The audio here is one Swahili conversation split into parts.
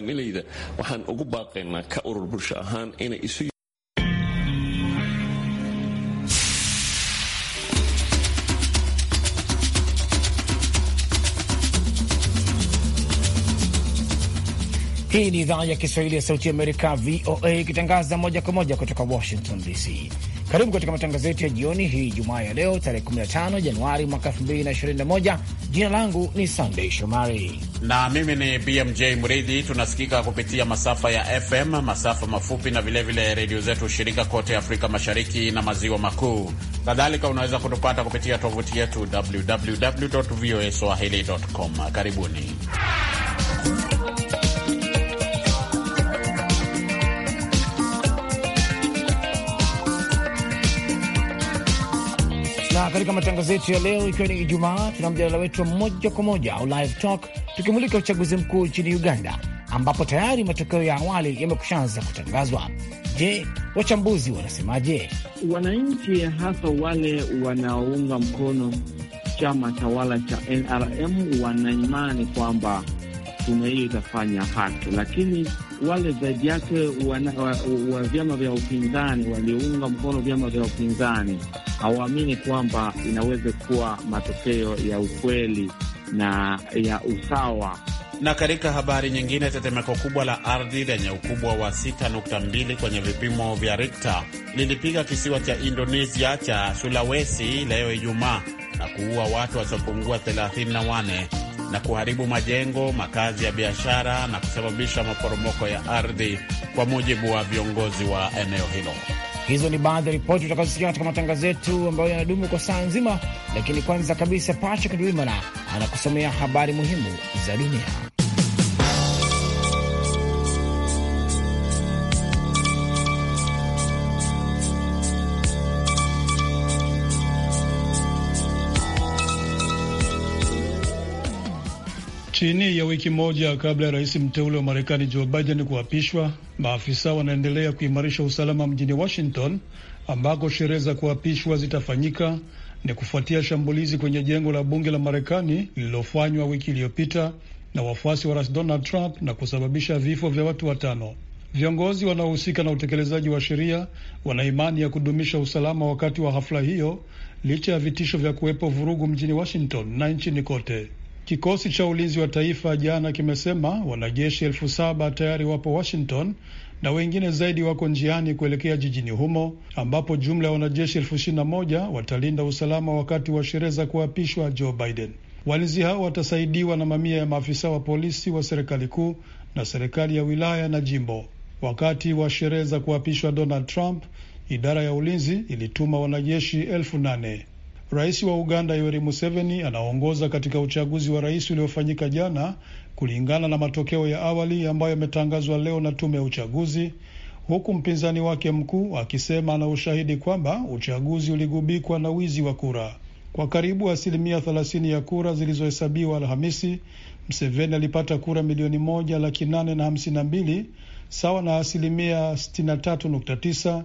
milayda waxaan ugu baaqaynaa ka urur bulsho ahaan inay isu Hii ni idhaa ya Kiswahili ya Sauti Amerika, VOA, ikitangaza moja kwa moja kutoka Washington DC. Karibu katika matangazo yetu ya jioni hii Jumaa ya leo tarehe 15 Januari mwaka 2021. Jina langu ni Sandei Shomari na mimi ni BMJ Mridhi. Tunasikika kupitia masafa ya FM, masafa mafupi na vilevile redio zetu shirika kote Afrika Mashariki na Maziwa Makuu. Kadhalika unaweza kutupata kupitia tovuti yetu www voa swahili com. Karibuni. na katika matangazo yetu ya leo, ikiwa ni Ijumaa, tuna mjadala wetu wa moja kwa moja au live talk, tukimulika uchaguzi mkuu nchini Uganda ambapo tayari matokeo ya awali yamekushaanza kutangazwa. Je, wachambuzi wanasemaje? Wananchi hasa wale wanaounga mkono chama tawala cha NRM wanaimani kwamba tume hiyo itafanya haki, lakini wale zaidi yake wa vyama vya upinzani waliounga mkono vyama vya upinzani hawaamini kwamba inaweza kuwa matokeo ya ukweli na ya usawa. Na katika habari nyingine, tetemeko kubwa la ardhi lenye ukubwa wa 6.2 kwenye vipimo vya Richter lilipiga kisiwa cha Indonesia cha Sulawesi leo Ijumaa na kuua watu wasiopungua 34 na kuharibu majengo, makazi ya biashara na kusababisha maporomoko ya ardhi, kwa mujibu wa viongozi wa eneo hilo. Hizo ni baadhi ya ripoti utakazosikia katika matangazo yetu ambayo yanadumu kwa saa nzima, lakini kwanza kabisa, Patrick Dwimana anakusomea habari muhimu za dunia. Chini ya wiki moja kabla ya rais mteule wa Marekani Joe Biden kuapishwa, maafisa wanaendelea kuimarisha usalama mjini Washington ambako sherehe za kuapishwa zitafanyika. Ni kufuatia shambulizi kwenye jengo la bunge la Marekani lililofanywa wiki iliyopita na wafuasi wa rais Donald Trump na kusababisha vifo vya watu watano. Viongozi wanaohusika na utekelezaji wa sheria wana imani ya kudumisha usalama wakati wa hafla hiyo licha ya vitisho vya kuwepo vurugu mjini Washington na nchini kote. Kikosi cha ulinzi wa taifa jana kimesema wanajeshi elfu saba tayari wapo Washington na wengine zaidi wako njiani kuelekea jijini humo ambapo jumla ya wanajeshi elfu ishirini na moja watalinda usalama wakati wa sherehe za kuapishwa Joe Biden. Walinzi hao watasaidiwa na mamia ya maafisa wa polisi wa serikali kuu na serikali ya wilaya na jimbo. Wakati wa sherehe za kuapishwa Donald Trump, idara ya ulinzi ilituma wanajeshi elfu nane. Rais wa Uganda Yoweri Museveni anaongoza katika uchaguzi wa rais uliofanyika jana kulingana na matokeo ya awali ambayo yametangazwa leo na tume ya uchaguzi, huku mpinzani wake mkuu akisema ana ushahidi kwamba uchaguzi uligubikwa na wizi wa kura. Kwa karibu asilimia thelathini ya kura zilizohesabiwa Alhamisi, Mseveni alipata kura milioni moja laki nane na hamsini na mbili sawa na asilimia sitini na tatu nukta tisa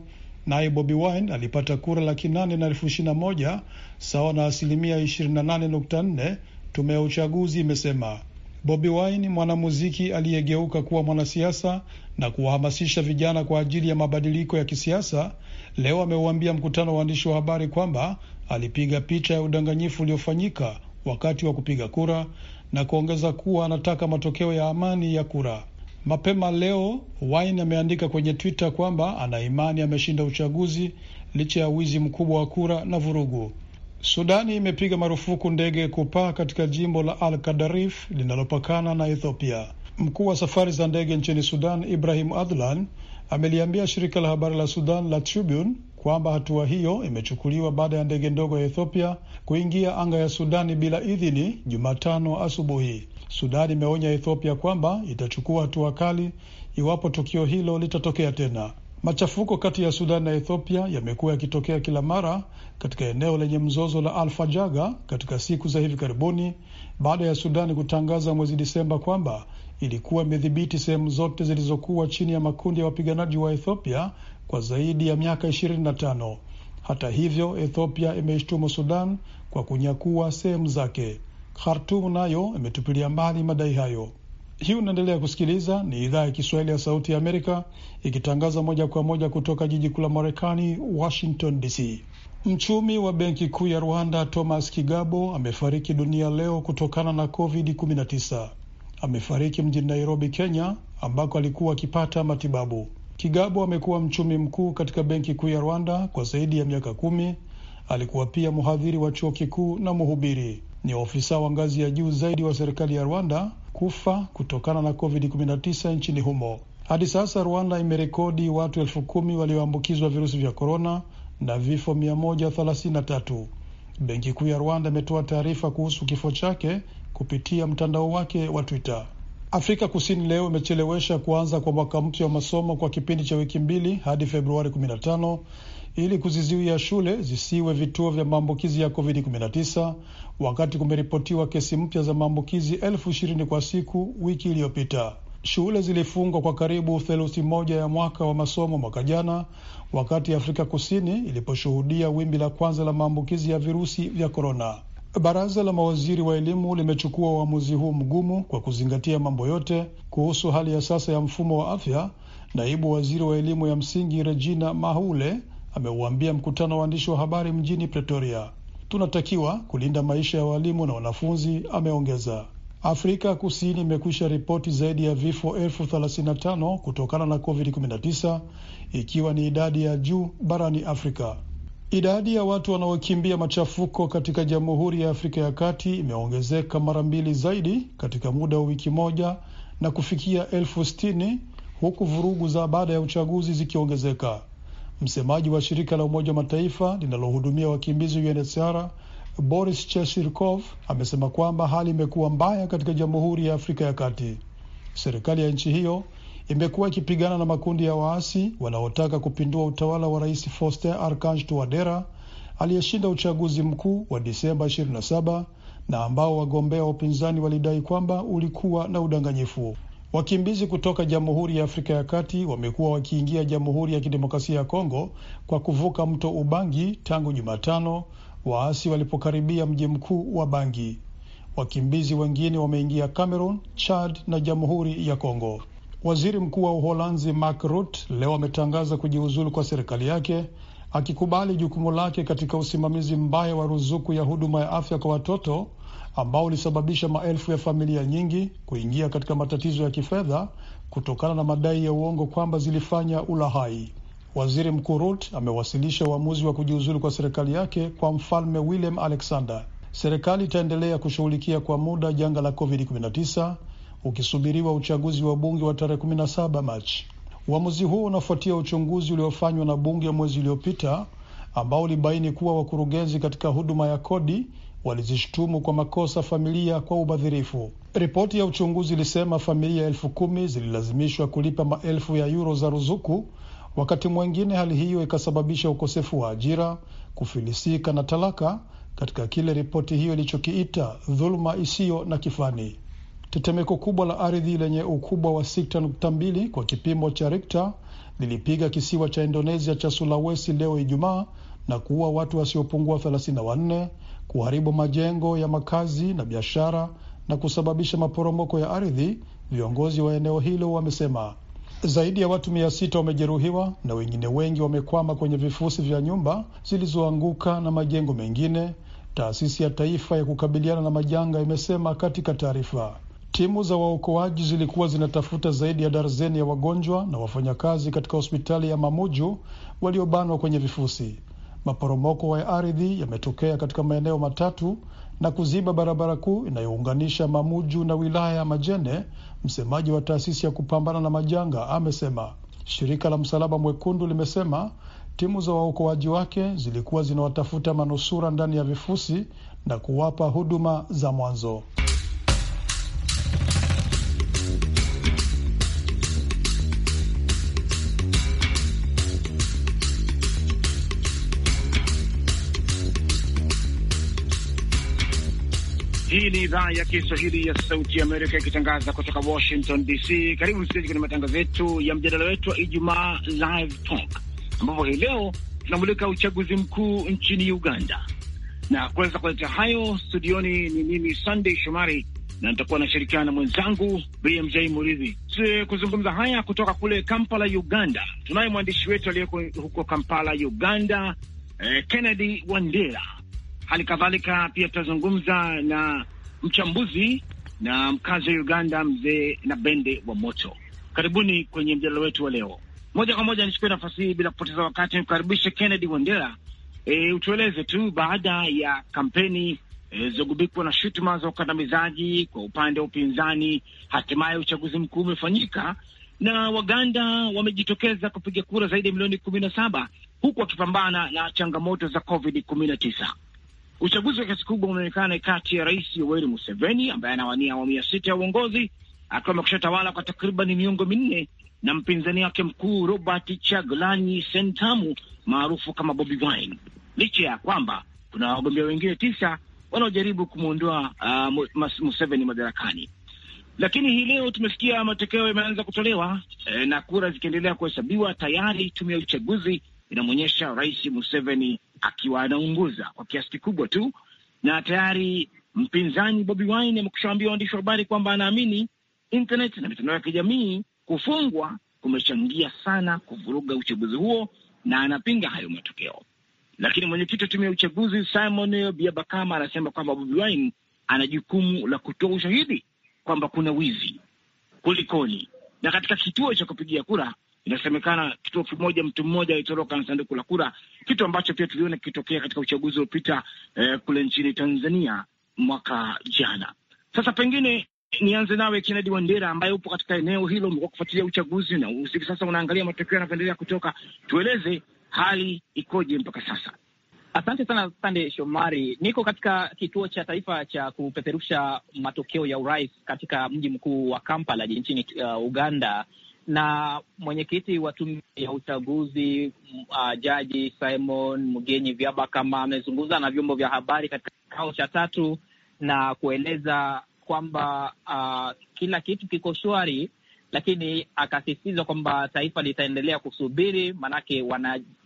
naye Bobi Wine alipata kura laki nane na elfu ishirini na moja sawa na asilimia ishirini na nane nukta nne tume ya uchaguzi imesema. Bobi Wine mwanamuziki aliyegeuka kuwa mwanasiasa na kuwahamasisha vijana kwa ajili ya mabadiliko ya kisiasa, leo ameuambia mkutano wa waandishi wa habari kwamba alipiga picha ya udanganyifu uliofanyika wakati wa kupiga kura na kuongeza kuwa anataka matokeo ya amani ya kura. Mapema leo Wine ameandika kwenye Twitter kwamba ana imani ameshinda uchaguzi licha ya wizi mkubwa wa kura na vurugu. Sudani imepiga marufuku ndege kupaa katika jimbo la Al Kadarif linalopakana na Ethiopia. Mkuu wa safari za ndege nchini Sudan Ibrahim Adlan ameliambia shirika la habari la Sudan la Tribune kwamba hatua hiyo imechukuliwa baada ya ndege ndogo ya Ethiopia kuingia anga ya Sudani bila idhini Jumatano asubuhi. Sudan imeonya Ethiopia kwamba itachukua hatua kali iwapo tukio hilo litatokea tena. Machafuko kati ya Sudan na Ethiopia yamekuwa yakitokea kila mara katika eneo lenye mzozo la Alfajaga katika siku za hivi karibuni baada ya Sudani kutangaza mwezi Disemba kwamba ilikuwa imedhibiti sehemu zote zilizokuwa chini ya makundi ya wapiganaji wa Ethiopia kwa zaidi ya miaka 25. Hata hivyo, Ethiopia imeishtumu Sudan kwa kunyakua sehemu zake. Khartum nayo imetupilia mbali madai hayo. Hii unaendelea kusikiliza, ni idhaa ya Kiswahili ya Sauti ya Amerika ikitangaza moja kwa moja kutoka jiji kuu la Marekani, Washington DC. Mchumi wa Benki Kuu ya Rwanda Thomas Kigabo amefariki dunia leo kutokana na COVID-19. Amefariki mjini Nairobi, Kenya, ambako alikuwa akipata matibabu. Kigabo amekuwa mchumi mkuu katika Benki Kuu ya Rwanda kwa zaidi ya miaka kumi. Alikuwa pia mhadhiri wa chuo kikuu na mhubiri ni ofisa wa ngazi ya juu zaidi wa serikali ya Rwanda kufa kutokana na COVID-19 nchini humo. Hadi sasa Rwanda imerekodi watu elfu kumi walioambukizwa virusi vya korona na vifo 133. Benki Kuu ya Rwanda imetoa taarifa kuhusu kifo chake kupitia mtandao wake wa Twitter. Afrika Kusini leo imechelewesha kuanza kwa mwaka mpya wa masomo kwa kipindi cha wiki mbili hadi Februari 15 ili kuzizuia shule zisiwe vituo vya maambukizi ya COVID-19 wakati kumeripotiwa kesi mpya za maambukizi elfu ishirini kwa siku wiki iliyopita. Shule zilifungwa kwa karibu theluthi moja ya mwaka wa masomo mwaka jana, wakati Afrika Kusini iliposhuhudia wimbi la kwanza la maambukizi ya virusi vya korona. Baraza la mawaziri wa elimu limechukua uamuzi huu mgumu kwa kuzingatia mambo yote kuhusu hali ya sasa ya mfumo wa afya. Naibu waziri wa elimu ya msingi Regina Mahule ameuambia mkutano wa waandishi wa habari mjini Pretoria. Tunatakiwa kulinda maisha ya walimu na wanafunzi, ameongeza. Afrika Kusini imekwisha ripoti zaidi ya vifo elfu thelathini na tano kutokana na COVID-19 ikiwa ni idadi ya juu barani Afrika. Idadi ya watu wanaokimbia machafuko katika Jamhuri ya Afrika ya Kati imeongezeka mara mbili zaidi katika muda wa wiki moja na kufikia elfu sitini huku vurugu za baada ya uchaguzi zikiongezeka. Msemaji wa shirika la Umoja wa Mataifa linalohudumia wakimbizi UNHCR Boris Cheshirkov amesema kwamba hali imekuwa mbaya katika Jamhuri ya Afrika ya Kati. Serikali ya nchi hiyo imekuwa ikipigana na makundi ya waasi wanaotaka kupindua utawala wa Rais Faustin Archange Touadera aliyeshinda uchaguzi mkuu wa Disemba 27 na ambao wagombea wa upinzani walidai kwamba ulikuwa na udanganyifu. Wakimbizi kutoka Jamhuri ya Afrika ya Kati wamekuwa wakiingia Jamhuri ya Kidemokrasia ya Kongo kwa kuvuka mto Ubangi tangu Jumatano waasi walipokaribia mji mkuu wa Bangi. Wakimbizi wengine wameingia Cameroon, Chad na Jamhuri ya Kongo. Waziri Mkuu wa Uholanzi Mark Rutte leo ametangaza kujiuzulu kwa serikali yake akikubali jukumu lake katika usimamizi mbaya wa ruzuku ya huduma ya afya kwa watoto ambao ulisababisha maelfu ya familia nyingi kuingia katika matatizo ya kifedha kutokana na madai ya uongo kwamba zilifanya ulahai. Waziri Mkuu rut amewasilisha uamuzi wa kujiuzulu kwa serikali yake kwa Mfalme William Alexander. Serikali itaendelea kushughulikia kwa muda janga la COVID-19 ukisubiriwa uchaguzi wa bunge wa tarehe 17 Machi. Uamuzi huo unafuatia uchunguzi uliofanywa na bunge mwezi uliopita ambao ulibaini kuwa wakurugenzi katika huduma ya kodi walizishtumu kwa makosa familia kwa ubadhirifu. Ripoti ya uchunguzi ilisema familia elfu kumi zililazimishwa kulipa maelfu ya yuro za ruzuku. Wakati mwingine, hali hiyo ikasababisha ukosefu wa ajira, kufilisika na talaka, katika kile ripoti hiyo ilichokiita dhuluma isiyo na kifani. Tetemeko kubwa la ardhi lenye ukubwa wa 6.2 kwa kipimo cha Richter lilipiga kisiwa cha Indonesia cha Sulawesi leo Ijumaa na kuua watu wasiopungua 34 kuharibu majengo ya makazi na biashara na kusababisha maporomoko ya ardhi. Viongozi wa eneo hilo wamesema zaidi ya watu mia sita wamejeruhiwa na wengine wengi wamekwama kwenye vifusi vya nyumba zilizoanguka na majengo mengine. Taasisi ya taifa ya kukabiliana na majanga imesema katika taarifa, timu za waokoaji zilikuwa zinatafuta zaidi ya darzeni ya wagonjwa na wafanyakazi katika hospitali ya Mamuju waliobanwa kwenye vifusi. Maporomoko ya ardhi yametokea katika maeneo matatu na kuziba barabara kuu inayounganisha Mamuju na wilaya ya Majene. Msemaji wa taasisi ya kupambana na majanga amesema shirika la Msalaba Mwekundu limesema timu za waokoaji wake zilikuwa zinawatafuta manusura ndani ya vifusi na kuwapa huduma za mwanzo. Hii ni idhaa ya Kiswahili ya Sauti ya Amerika ikitangaza kutoka Washington DC. Karibu msikilizaji kwenye matangazo yetu ya mjadala wetu wa Ijumaa Live Talk, ambapo hii leo tunamulika uchaguzi mkuu nchini Uganda na kuweza kuleta hayo studioni ni mimi Sunday Shomari na nitakuwa nashirikiana na mwenzangu BMJ Muridhi kuzungumza haya kutoka kule Kampala, Uganda. Tunaye mwandishi wetu aliyeko huko Kampala, Uganda, eh, Kennedy Wandera Hali kadhalika pia tutazungumza na mchambuzi na mkazi wa Uganda, mzee na Bende wa Moto. Karibuni kwenye mjadala wetu wa leo. Moja kwa moja nichukue nafasi hii bila kupoteza wakati nikukaribishe Kennedy Wandera. E, utueleze tu baada ya kampeni e, na shutuma za ukandamizaji kwa upande wa upinzani, hatimaye uchaguzi mkuu umefanyika na Waganda wamejitokeza kupiga kura zaidi ya milioni kumi na saba huku wakipambana na changamoto za COVID kumi na tisa. Uchaguzi wa kiasi kubwa umeonekana kati ya Rais Yoweri Museveni ambaye anawania awamu ya sita ya uongozi akiwa amekusha tawala kwa takriban miongo minne na mpinzani wake mkuu Robert Chagulanyi Sentamu maarufu kama Bobi Wine, licha ya kwamba kuna wagombea wengine tisa wanaojaribu kumwondoa uh, Museveni madarakani. Lakini hii leo tumesikia matokeo yameanza kutolewa e, na kura zikiendelea kuhesabiwa. Tayari tume ya uchaguzi inamwonyesha Rais Museveni akiwa anaunguza kwa kiasi kikubwa tu, na tayari mpinzani Bobi Wine amekushaambia waandishi wa habari kwamba anaamini internet na mitandao ya kijamii kufungwa kumechangia sana kuvuruga uchaguzi huo, na anapinga hayo matokeo. Lakini mwenyekiti wa tume ya uchaguzi Simon Biabakama anasema kwamba Bobi Wine ana jukumu la kutoa ushahidi kwamba kuna wizi kulikoni, na katika kituo cha kupigia kura Inasemekana kituo kimoja, mtu mmoja alitoroka na sanduku la kura, kitu ambacho pia tuliona kikitokea katika uchaguzi uliopita eh, kule nchini Tanzania mwaka jana. Sasa pengine nianze nawe Kennedy Wandera, ambaye upo katika eneo hilo, umekuwa kufuatilia uchaguzi na hivi sasa unaangalia matokeo yanavyoendelea kutoka. Tueleze hali ikoje mpaka sasa? Asante sana Sande Shomari. Niko katika kituo cha taifa cha kupeperusha matokeo ya urais katika mji mkuu wa Kampala nchini uh, Uganda, na mwenyekiti wa tume ya uchaguzi uh, Jaji Simon Vyaba kama amezungumza na vyombo vya habari katika kikao cha tatu na kueleza kwamba uh, kila kitu kiko shwari, lakini akasisitiza kwamba taifa litaendelea kusubiri, maanake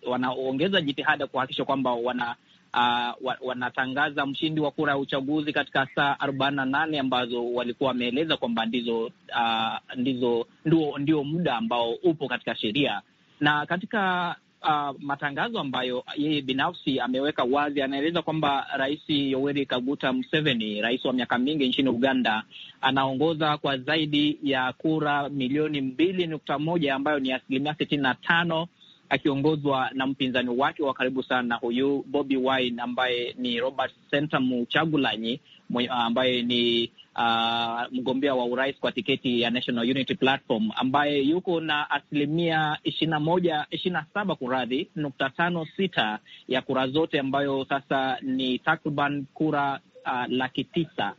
wanaongeza wana jitihada kuhakikisha kwamba wana uh, wanatangaza mshindi wa kura ya uchaguzi katika saa arobaini na nane ambazo walikuwa wameeleza kwamba ndizo, uh, ndizo ndio, ndio muda ambao upo katika sheria na katika Uh, matangazo ambayo yeye binafsi ameweka wazi, anaeleza kwamba Rais Yoweri Kaguta Museveni, rais wa miaka mingi nchini Uganda, anaongoza kwa zaidi ya kura milioni mbili nukta moja ambayo ni asilimia sitini na tano akiongozwa na mpinzani wake wa karibu sana huyu Bobi Wine ambaye ni Robert Sentamu Chagulanyi ah, ambaye ni uh, mgombea wa urais kwa tiketi ya National Unity Platform ambaye yuko na asilimia ishirini na moja ishirini na saba kuradhi nukta tano sita ya kura zote ambayo sasa ni takriban kura uh, laki tisa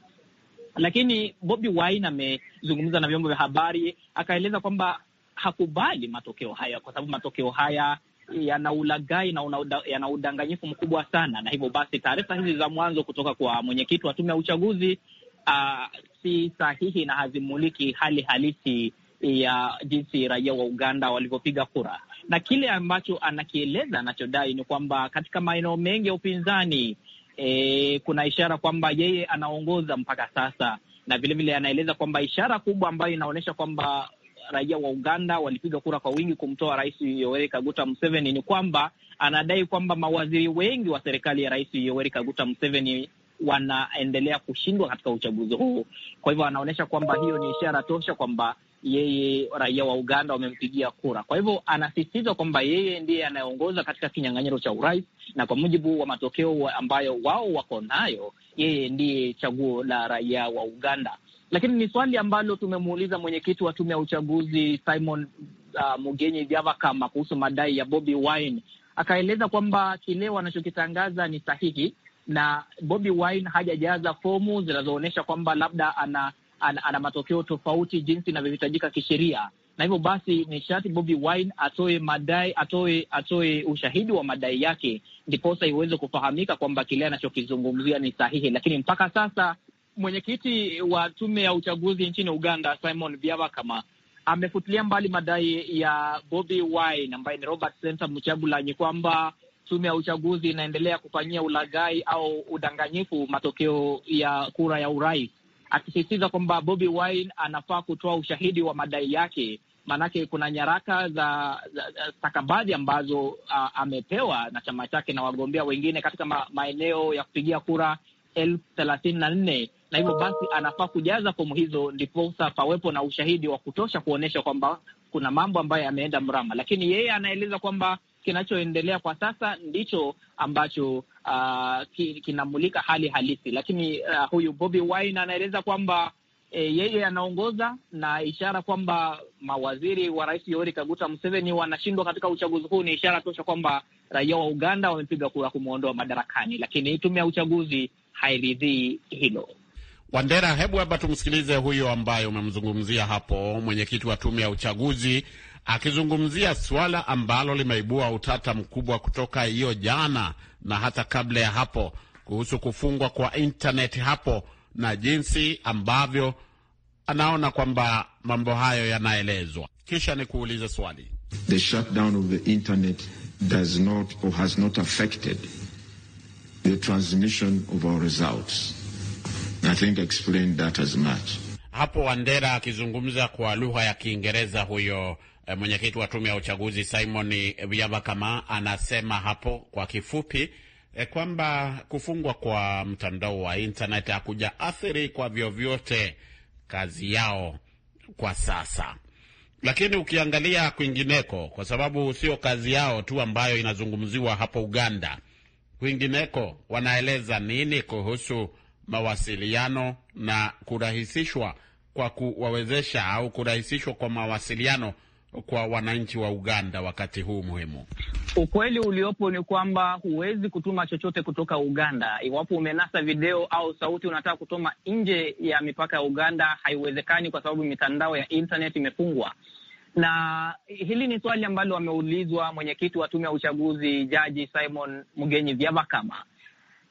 lakini Bobi Wine amezungumza na vyombo vya habari akaeleza kwamba hakubali matokeo haya, kwa sababu matokeo haya yana ulagai na yana udanganyifu mkubwa sana, na hivyo basi taarifa hizi za mwanzo kutoka kwa mwenyekiti wa tume ya uchaguzi uh, si sahihi na hazimuliki hali halisi ya jinsi raia wa Uganda walivyopiga kura, na kile ambacho anakieleza anachodai ni kwamba katika maeneo mengi ya upinzani e, kuna ishara kwamba yeye anaongoza mpaka sasa, na vilevile vile anaeleza kwamba ishara kubwa ambayo inaonyesha kwamba raia wa Uganda walipiga kura kwa wingi kumtoa Rais Yoweri Kaguta Museveni ni kwamba anadai kwamba mawaziri wengi wa serikali ya Rais Yoweri Kaguta Museveni wanaendelea kushindwa katika uchaguzi huu. Kwa hivyo anaonyesha kwamba hiyo ni ishara tosha kwamba yeye raia wa Uganda wamempigia kura. Kwa hivyo anasisitiza kwamba yeye ndiye anayeongoza katika kinyang'anyiro cha urais, na kwa mujibu wa matokeo ambayo wao wako nayo, yeye ndiye chaguo la raia wa Uganda. Lakini ni swali ambalo tumemuuliza mwenyekiti wa tume ya uchaguzi Simon uh, Mugenyi Byabakama kuhusu madai ya Bobi Wine, akaeleza kwamba kile wanachokitangaza ni sahihi na Bobi Wine hajajaza fomu zinazoonyesha kwamba labda ana, ana, ana matokeo tofauti jinsi inavyohitajika kisheria, na hivyo basi ni sharti Bobi Wine atoe madai, atoe atoe ushahidi wa madai yake, ndiposa iweze kufahamika kwamba kile anachokizungumzia ni sahihi. Lakini mpaka sasa Mwenyekiti wa tume ya uchaguzi nchini Uganda, Simon Byabakama, amefutilia mbali madai ya Bobi Wine ambaye ni Robert Senta Mchagulanyi kwamba tume ya uchaguzi inaendelea kufanyia ulagai au udanganyifu matokeo ya kura ya urais, akisisitiza kwamba Bobi Wine anafaa kutoa ushahidi wa madai yake, maanake kuna nyaraka za stakabadhi ambazo a, amepewa na chama chake na wagombea wengine katika ma, maeneo ya kupigia kura elfu thelathini na nne na hivyo basi anafaa kujaza fomu hizo, ndiposa pawepo na ushahidi wa kutosha kuonyesha kwamba kuna mambo ambayo yameenda mrama, lakini yeye anaeleza kwamba kinachoendelea kwa sasa ndicho ambacho uh, ki, kinamulika hali halisi. Lakini uh, huyu Bobi Wine anaeleza kwamba e, yeye anaongoza na ishara kwamba mawaziri wa Rais Yoweri Kaguta Museveni wanashindwa katika uchaguzi huu ni ishara tosha kwamba raia wa Uganda wamepiga kura kumwondoa madarakani, lakini tume ya uchaguzi hairidhii hilo. Wandera, hebu hapa tumsikilize huyo ambaye umemzungumzia hapo, mwenyekiti wa tume ya uchaguzi akizungumzia suala ambalo limeibua utata mkubwa kutoka hiyo jana na hata kabla ya hapo kuhusu kufungwa kwa intaneti hapo na jinsi ambavyo anaona kwamba mambo hayo yanaelezwa. Kisha ni kuuliza swali, the shutdown of the internet does not or has not affected the transmission of our results I think explained that as much. Hapo Wandera akizungumza kwa lugha ya Kiingereza, huyo eh, mwenyekiti wa tume ya uchaguzi Simon Vyabakama anasema hapo kwa kifupi eh, kwamba kufungwa kwa mtandao wa intaneti hakuja athiri kwa vyovyote kazi yao kwa sasa, lakini ukiangalia kwingineko, kwa sababu sio kazi yao tu ambayo inazungumziwa hapo Uganda, kwingineko wanaeleza nini kuhusu mawasiliano na kurahisishwa kwa kuwawezesha au kurahisishwa kwa mawasiliano kwa wananchi wa Uganda wakati huu muhimu? Ukweli uliopo ni kwamba huwezi kutuma chochote kutoka Uganda iwapo umenasa video au sauti unataka kutuma nje ya mipaka ya Uganda, haiwezekani kwa sababu mitandao ya internet imefungwa. Na hili ni swali ambalo ameulizwa mwenyekiti wa tume ya uchaguzi Jaji Simon Mugenyi Byabakama,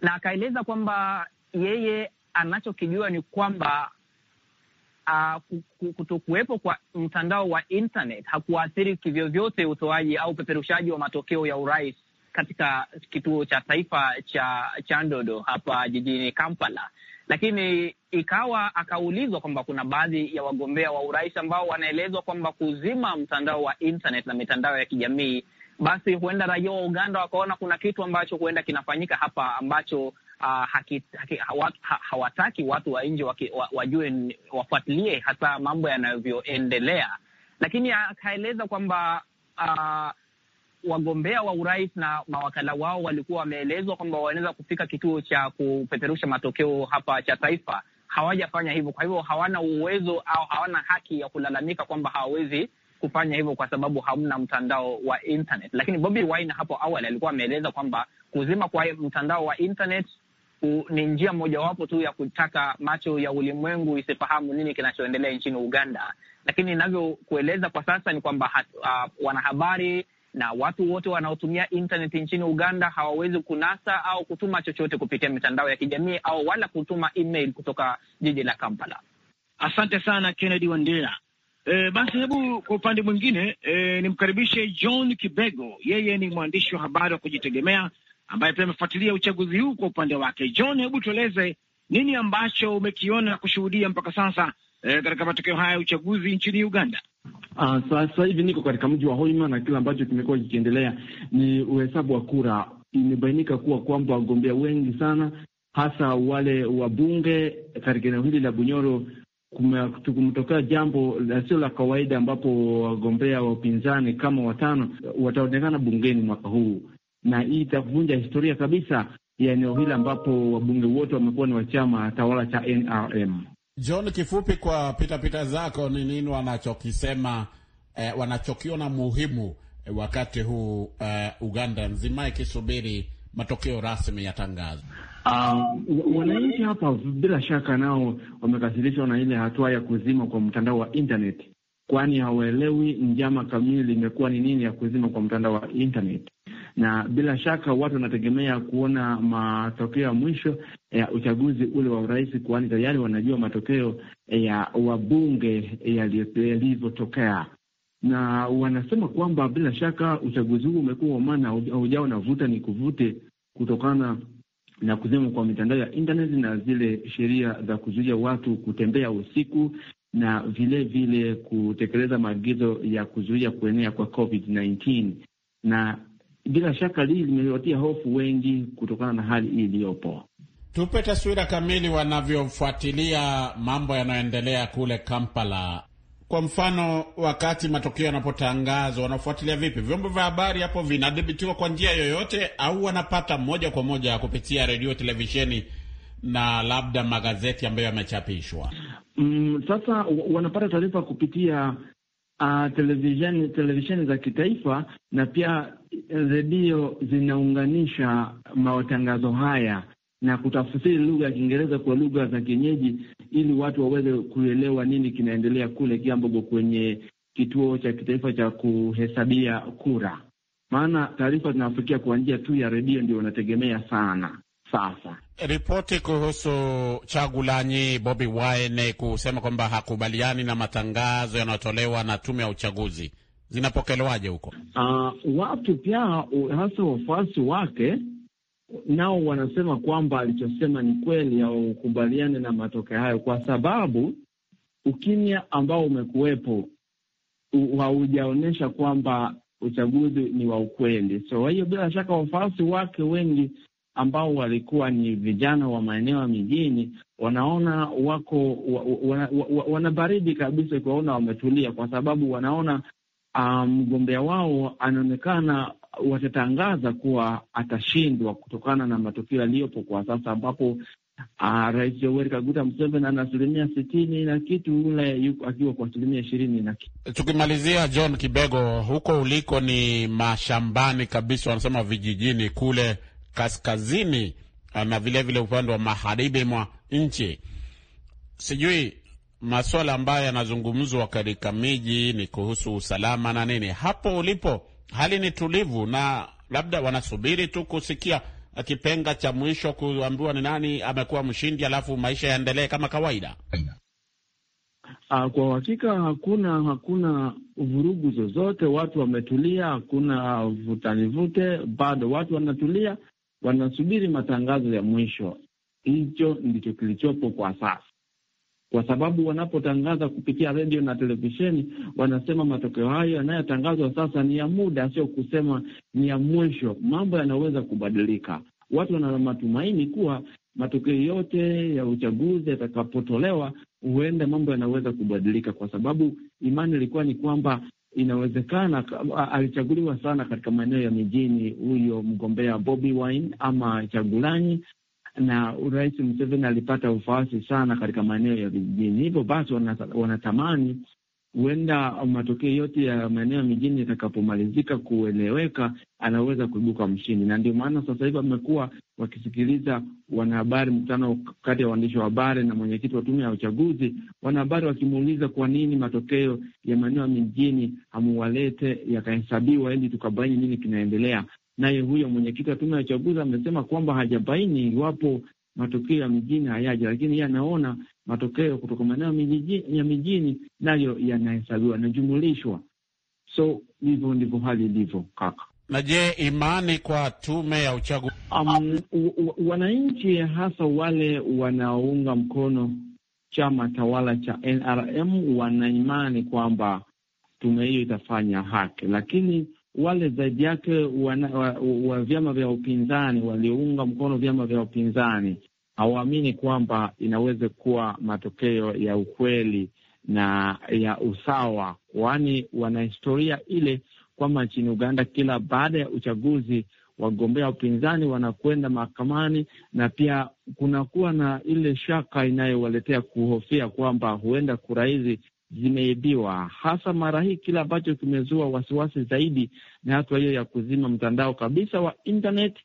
na akaeleza kwamba yeye anachokijua ni kwamba uh, kutokuwepo kwa mtandao wa internet hakuathiri kivyovyote utoaji au upeperushaji wa matokeo ya urais katika kituo cha taifa cha Chandodo hapa jijini Kampala, lakini ikawa akaulizwa kwamba kuna baadhi ya wagombea wa urais ambao wanaelezwa kwamba kuzima mtandao wa internet na mitandao ya kijamii, basi huenda raia wa Uganda wakaona kuna kitu ambacho huenda kinafanyika hapa ambacho uh, hawataki watu wa nje wajue, wafuatilie hasa mambo yanavyoendelea, lakini akaeleza kwamba uh, wagombea wa urais na mawakala wao walikuwa wameelezwa kwamba wanaweza kufika kituo cha kupeperusha matokeo hapa cha taifa. Hawajafanya hivyo, kwa hivyo hawana uwezo au hawana haki ya kulalamika kwamba hawawezi kufanya hivyo kwa sababu hamna mtandao wa internet. Lakini Bobi Wine hapo awali alikuwa ameeleza kwamba kuzima kwa mtandao wa internet ku, ni njia mojawapo tu ya kutaka macho ya ulimwengu isifahamu nini kinachoendelea nchini Uganda. Lakini inavyokueleza kwa sasa ni kwamba uh, wanahabari na watu wote wanaotumia intaneti nchini Uganda hawawezi kunasa au kutuma chochote kupitia mitandao ya kijamii au wala kutuma email kutoka jiji la Kampala. Asante sana Kennedy Wandera. E, basi hebu kwa upande mwingine e, nimkaribishe John Kibego. Yeye ni mwandishi wa habari wa kujitegemea ambaye pia amefuatilia uchaguzi huu kwa upande wake. John, hebu tueleze nini ambacho umekiona kushuhudia mpaka sasa e, katika matokeo haya ya uchaguzi nchini Uganda? Uh, ah, sasa hivi niko katika mji wa Hoima na kile ambacho kimekuwa kikiendelea ni uhesabu wa kura. Imebainika kuwa kwamba wagombea wengi sana hasa wale wa bunge katika eneo hili la Bunyoro kumetokea jambo sio la kawaida ambapo wagombea wa upinzani kama watano wataonekana bungeni mwaka huu na hii itavunja historia kabisa ya eneo hili ambapo wabunge wote wamekuwa ni wa chama tawala cha NRM. John, kifupi kwa pitapita zako, ni nini wanachokisema eh, wanachokiona muhimu eh, wakati huu eh, Uganda nzima ikisubiri matokeo rasmi ya tangazo? Uh, wananchi hapa bila shaka nao wamekasirishwa na ile hatua ya kuzima kwa mtandao wa internet, kwani hawaelewi njama kamili imekuwa ni nini ya kuzima kwa mtandao wa internet na bila shaka watu wanategemea kuona matokeo ya mwisho ya uchaguzi ule wa urais, kwani tayari wanajua matokeo ya wabunge yalivyotokea, na wanasema kwamba bila shaka uchaguzi huu umekuwa maana haujao na vuta ni kuvute kutokana na kuzima kwa mitandao ya internet na zile sheria za kuzuia watu kutembea usiku na vile vile kutekeleza maagizo ya kuzuia kuenea kwa COVID-19 na bila shaka lii limewatia hofu wengi kutokana na hali hii iliyopo. Tupe taswira kamili wanavyofuatilia mambo yanayoendelea kule Kampala. Kwa mfano, wakati matokeo yanapotangazwa, wanafuatilia vipi? Vyombo vya habari hapo vinadhibitiwa kwa njia yoyote, au wanapata moja kwa moja kupitia redio, televisheni na labda magazeti ambayo yamechapishwa? Mm, sasa wanapata taarifa kupitia uh, televisheni televisheni za kitaifa na pia redio zinaunganisha matangazo haya na kutafsiri lugha ya Kiingereza kwa lugha za kienyeji ili watu waweze kuelewa nini kinaendelea kule Kiambogo kwenye kituo cha kitaifa cha kuhesabia kura, maana taarifa zinafikia kwa njia tu ya redio, ndio wanategemea sana sasa. Ripoti kuhusu chagulanyi Bobi Wine kusema kwamba hakubaliani na matangazo yanayotolewa na tume ya uchaguzi zinapokelewaje huko? Uh, watu pia hasa wafuasi wake nao wanasema kwamba alichosema ni kweli, au kubaliane na matokeo hayo, kwa sababu ukimya ambao umekuwepo haujaonyesha kwamba uchaguzi ni wa ukweli. So hiyo bila shaka wafuasi wake wengi ambao walikuwa ni vijana wa maeneo ya mijini, wanaona wako wana, wanabaridi kabisa kuwaona wametulia, kwa sababu wanaona ah, mgombea um, wao anaonekana watatangaza kuwa atashindwa kutokana na matukio yaliyopo kwa sasa, ambapo uh, Rais Yoweri Kaguta Museveni ana asilimia sitini na kitu, yuko akiwa kwa asilimia ishirini na kitu. Tukimalizia John Kibego, huko uliko ni mashambani kabisa, wanasema vijijini kule kaskazini ah, na vilevile upande wa magharibi mwa nchi. Sijui maswala ambayo yanazungumzwa katika miji ni kuhusu usalama na nini. Hapo ulipo hali ni tulivu, na labda wanasubiri tu kusikia ah, kipenga cha mwisho, kuambiwa ni nani amekuwa mshindi, alafu maisha yaendelee kama kawaida. Ah, kwa uhakika hakuna hakuna vurugu zozote, watu wametulia, hakuna vutanivute, bado watu wanatulia wanasubiri matangazo ya mwisho. Hicho ndicho kilichopo kwa sasa, kwa sababu wanapotangaza kupitia redio na televisheni wanasema matokeo hayo yanayotangazwa sasa ni ya muda, sio kusema ni ya mwisho. Mambo yanaweza kubadilika. Watu wana matumaini kuwa matokeo yote ya uchaguzi yatakapotolewa, huenda mambo yanaweza kubadilika, kwa sababu imani ilikuwa ni kwamba inawezekana alichaguliwa sana katika maeneo ya mijini huyo mgombea Bobi Wine ama Chagulanyi, na Rais Museveni alipata ufaasi sana katika maeneo ya vijijini. Hivyo basi wanatamani huenda matokeo yote ya maeneo ya mijini yatakapomalizika kueleweka, anaweza kuibuka mshindi. Na ndio maana sasa hivi wamekuwa wakisikiliza wanahabari, mkutano kati ya waandishi wa habari na mwenyekiti wa tume ya uchaguzi, wanahabari wakimuuliza kwa nini matokeo ya maeneo ya mijini hamuwalete yakahesabiwa, ili tukabaini nini kinaendelea. Naye huyo mwenyekiti wa tume ya uchaguzi amesema kwamba hajabaini iwapo matokeo ya mijini hayaja, lakini yeye anaona matokeo kutoka maeneo ya mijini nayo yanahesabiwa, yanajumulishwa. So hivyo ndivyo hali ilivyo kaka. Na je, imani kwa tume ya uchaguzi um, wananchi hasa wale wanaounga mkono chama tawala cha NRM wanaimani kwamba tume hiyo itafanya haki, lakini wale zaidi yake wa, wa vyama vya upinzani waliounga mkono vyama vya upinzani hawaamini kwamba inaweza kuwa matokeo ya ukweli na ya usawa, kwani wana historia ile kwamba nchini Uganda kila baada ya uchaguzi wagombea upinzani wanakwenda mahakamani, na pia kunakuwa na ile shaka inayowaletea kuhofia kwamba huenda kura hizi zimeibiwa. Hasa mara hii kile ambacho kimezua wasiwasi zaidi ni hatua hiyo ya kuzima mtandao kabisa wa internet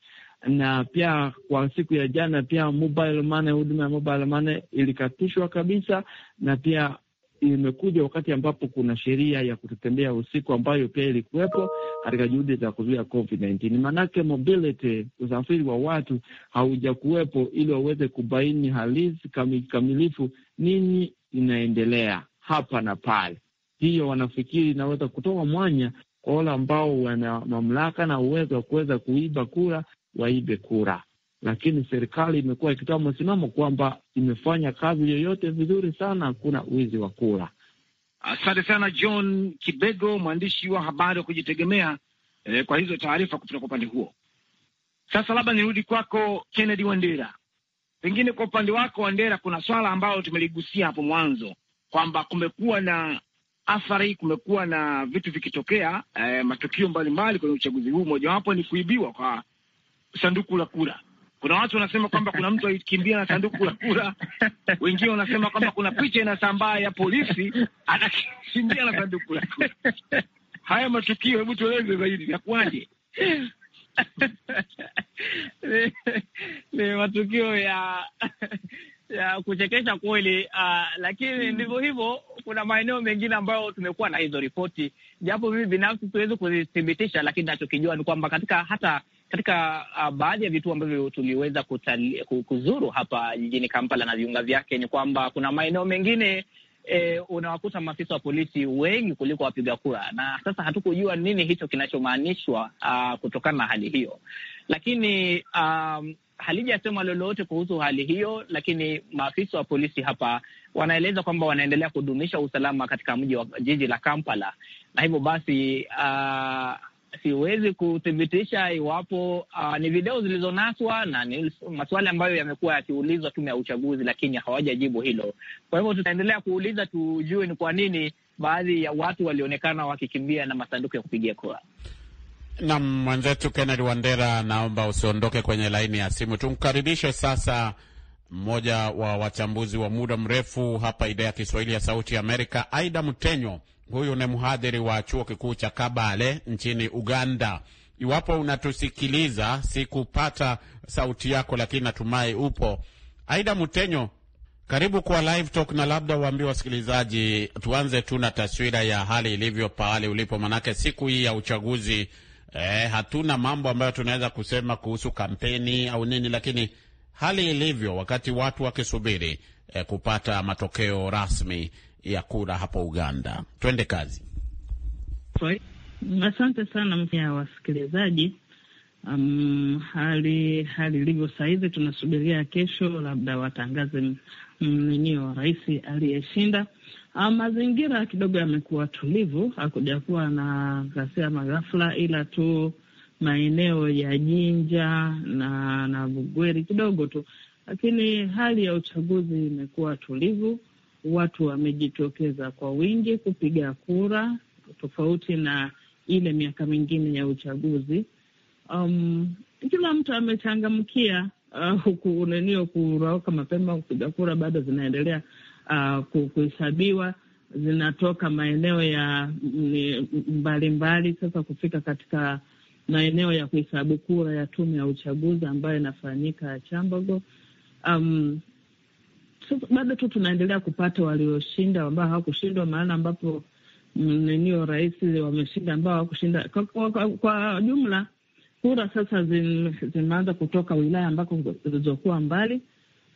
na pia kwa siku ya jana pia mobile money, huduma ya mobile money ilikatishwa kabisa, na pia imekuja wakati ambapo kuna sheria ya kutotembea usiku ambayo pia ilikuwepo katika juhudi za kuzuia COVID-19. Maanake mobility, usafiri wa watu haujakuwepo ili waweze kubaini halisi kikamilifu nini inaendelea hapa na pale. Hiyo wanafikiri inaweza kutoa mwanya kwa wale ambao wana mamlaka na uwezo wa kuweza kuiba kura waibe kura, lakini serikali imekuwa ikitoa msimamo kwamba imefanya kazi yoyote vizuri sana, hakuna wizi wa kura. Asante sana John Kibego, mwandishi wa habari wa kujitegemea eh, kwa hizo taarifa kutoka kwa upande huo. Sasa labda nirudi kwako Kennedy Wandera, pengine kwa upande wako Wandera, kuna swala ambalo tumeligusia hapo mwanzo kwamba kumekuwa na athari, kumekuwa na vitu vikitokea eh, matukio mbalimbali kwenye uchaguzi huu, mojawapo ni kuibiwa kwa sanduku la kura. Kuna watu wanasema kwamba kuna mtu alikimbia na sanduku la kura, wengine wanasema kwamba kuna picha inasambaa ya polisi anakimbia na sanduku la kura. Haya matukio, hebu tueleze zaidi, yakuwaje? Ni, ni matukio ya ya kuchekesha kweli. Uh, lakini hmm. ndivyo hivyo. Kuna maeneo mengine ambayo tumekuwa na hizo ripoti, japo mimi binafsi siwezi kuzithibitisha, lakini nachokijua ni kwamba katika hata katika uh, baadhi ya vituo ambavyo tuliweza kutali, kuzuru hapa jijini Kampala na viunga vyake, ni kwamba kuna maeneo mengine E, unawakuta maafisa wa polisi wengi kuliko wapiga kura, na sasa hatukujua nini hicho kinachomaanishwa ah, kutokana na hali hiyo, lakini um, halijasema lolote kuhusu hali hiyo, lakini maafisa wa polisi hapa wanaeleza kwamba wanaendelea kudumisha usalama katika mji wa jiji la Kampala, na hivyo basi uh, siwezi kuthibitisha iwapo uh, ni video zilizonaswa na ni maswali ambayo yamekuwa yakiulizwa tume ya uchaguzi, lakini hawajajibu hilo. Kwa hivyo tutaendelea kuuliza tujue ni kwa nini baadhi ya watu walionekana wakikimbia na masanduku ya kupigia kura. Nam mwenzetu Kennedy Wandera, naomba usiondoke kwenye laini ya simu. Tumkaribishe sasa mmoja wa wachambuzi wa muda mrefu hapa idhaa ya Kiswahili ya Sauti ya Amerika, Aida Mtenyo Huyu ni mhadhiri wa chuo kikuu cha Kabale nchini Uganda. Iwapo unatusikiliza, sikupata sauti yako, lakini natumai upo. Aida Mutenyo, karibu kwa Live Talk, na labda waambie wasikilizaji, tuanze tu na taswira ya hali ilivyo pahali ulipo, manake siku hii ya uchaguzi eh, hatuna mambo ambayo tunaweza kusema kuhusu kampeni au nini, lakini hali ilivyo wakati watu wakisubiri eh, kupata matokeo rasmi ya kura hapo Uganda. Twende kazi. Asante sana mpya wasikilizaji. Um, hali hali ilivyo sahizi, tunasubiria kesho, labda watangaze mninio wa rais aliyeshinda. Um, mazingira kidogo yamekuwa tulivu, hakuja kuwa na ghasia maghafla, ila tu maeneo ya Jinja na na Bugweri kidogo tu, lakini hali ya uchaguzi imekuwa tulivu watu wamejitokeza kwa wingi kupiga kura tofauti na ile miaka mingine ya uchaguzi. Um, kila mtu amechangamkia uh, unenio kurauka mapema kupiga kura bado zinaendelea uh, kuhesabiwa zinatoka maeneo ya mbalimbali mm, mbali, sasa kufika katika maeneo ya kuhesabu kura ya tume ya uchaguzi ambayo inafanyika Chambago. Um, bado tu tunaendelea kupata walioshinda ambao hawakushindwa, maana ambapo mnenio mm, rais wameshinda ambao hawakushinda. Kwa, kwa, kwa, kwa jumla kura sasa zimeanza kutoka wilaya ambako zilizokuwa mbali,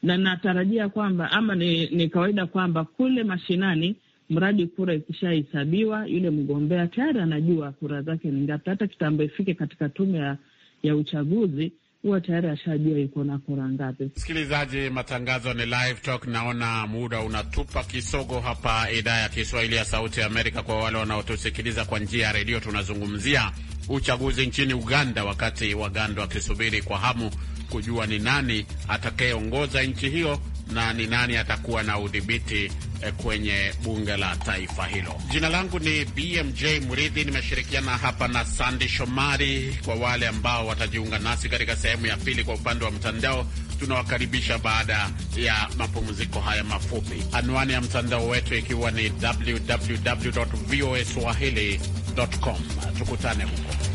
na natarajia kwamba ama ni, ni kawaida kwamba kule mashinani mradi kura ikishahesabiwa yule mgombea tayari anajua kura zake ni ngapi. Hata kitambo ifike katika tume ya, ya uchaguzi huwa tayari ashajua iko na kura ngapi. Msikilizaji, matangazo ni live talk. Naona muda unatupa kisogo hapa idhaa ya Kiswahili ya Sauti ya Amerika. Kwa wale wanaotusikiliza kwa njia ya redio, tunazungumzia uchaguzi nchini Uganda, wakati Waganda wakisubiri kwa hamu kujua ni nani atakayeongoza nchi hiyo na ni nani atakuwa na udhibiti eh, kwenye bunge la taifa hilo. Jina langu ni BMJ mridhi nimeshirikiana hapa na sandi Shomari. Kwa wale ambao watajiunga nasi katika sehemu ya pili kwa upande wa mtandao, tunawakaribisha baada ya mapumziko haya mafupi. Anwani ya mtandao wetu ikiwa ni www voa swahili com. Tukutane huko.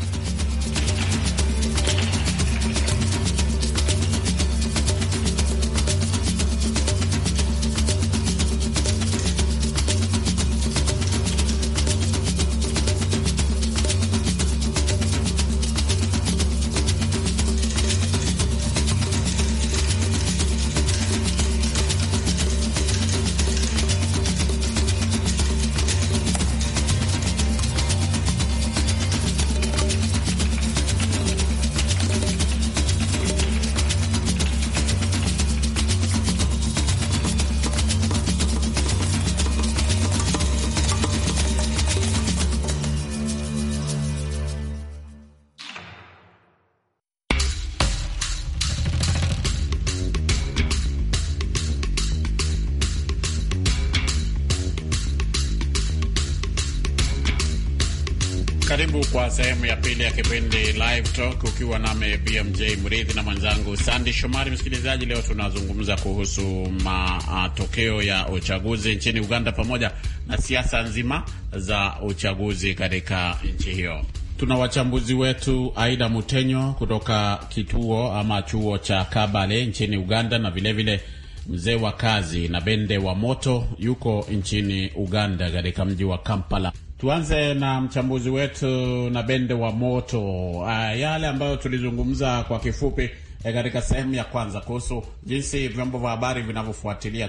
Karibu kwa sehemu ya pili ya kipindi Live Talk ukiwa nami BMJ Mridhi na mwenzangu Sandi Shomari. Msikilizaji, leo tunazungumza kuhusu matokeo ya uchaguzi nchini Uganda pamoja na siasa nzima za uchaguzi katika nchi hiyo. Tuna wachambuzi wetu Aida Mutenyo kutoka kituo ama chuo cha Kabale nchini Uganda na vilevile mzee wa kazi na Bende wa Moto yuko nchini Uganda katika mji wa Kampala. Tuanze na mchambuzi wetu na Bende wa Moto. Uh, yale ambayo tulizungumza kwa kifupi eh, katika sehemu ya kwanza kuhusu jinsi vyombo vya habari vinavyofuatilia,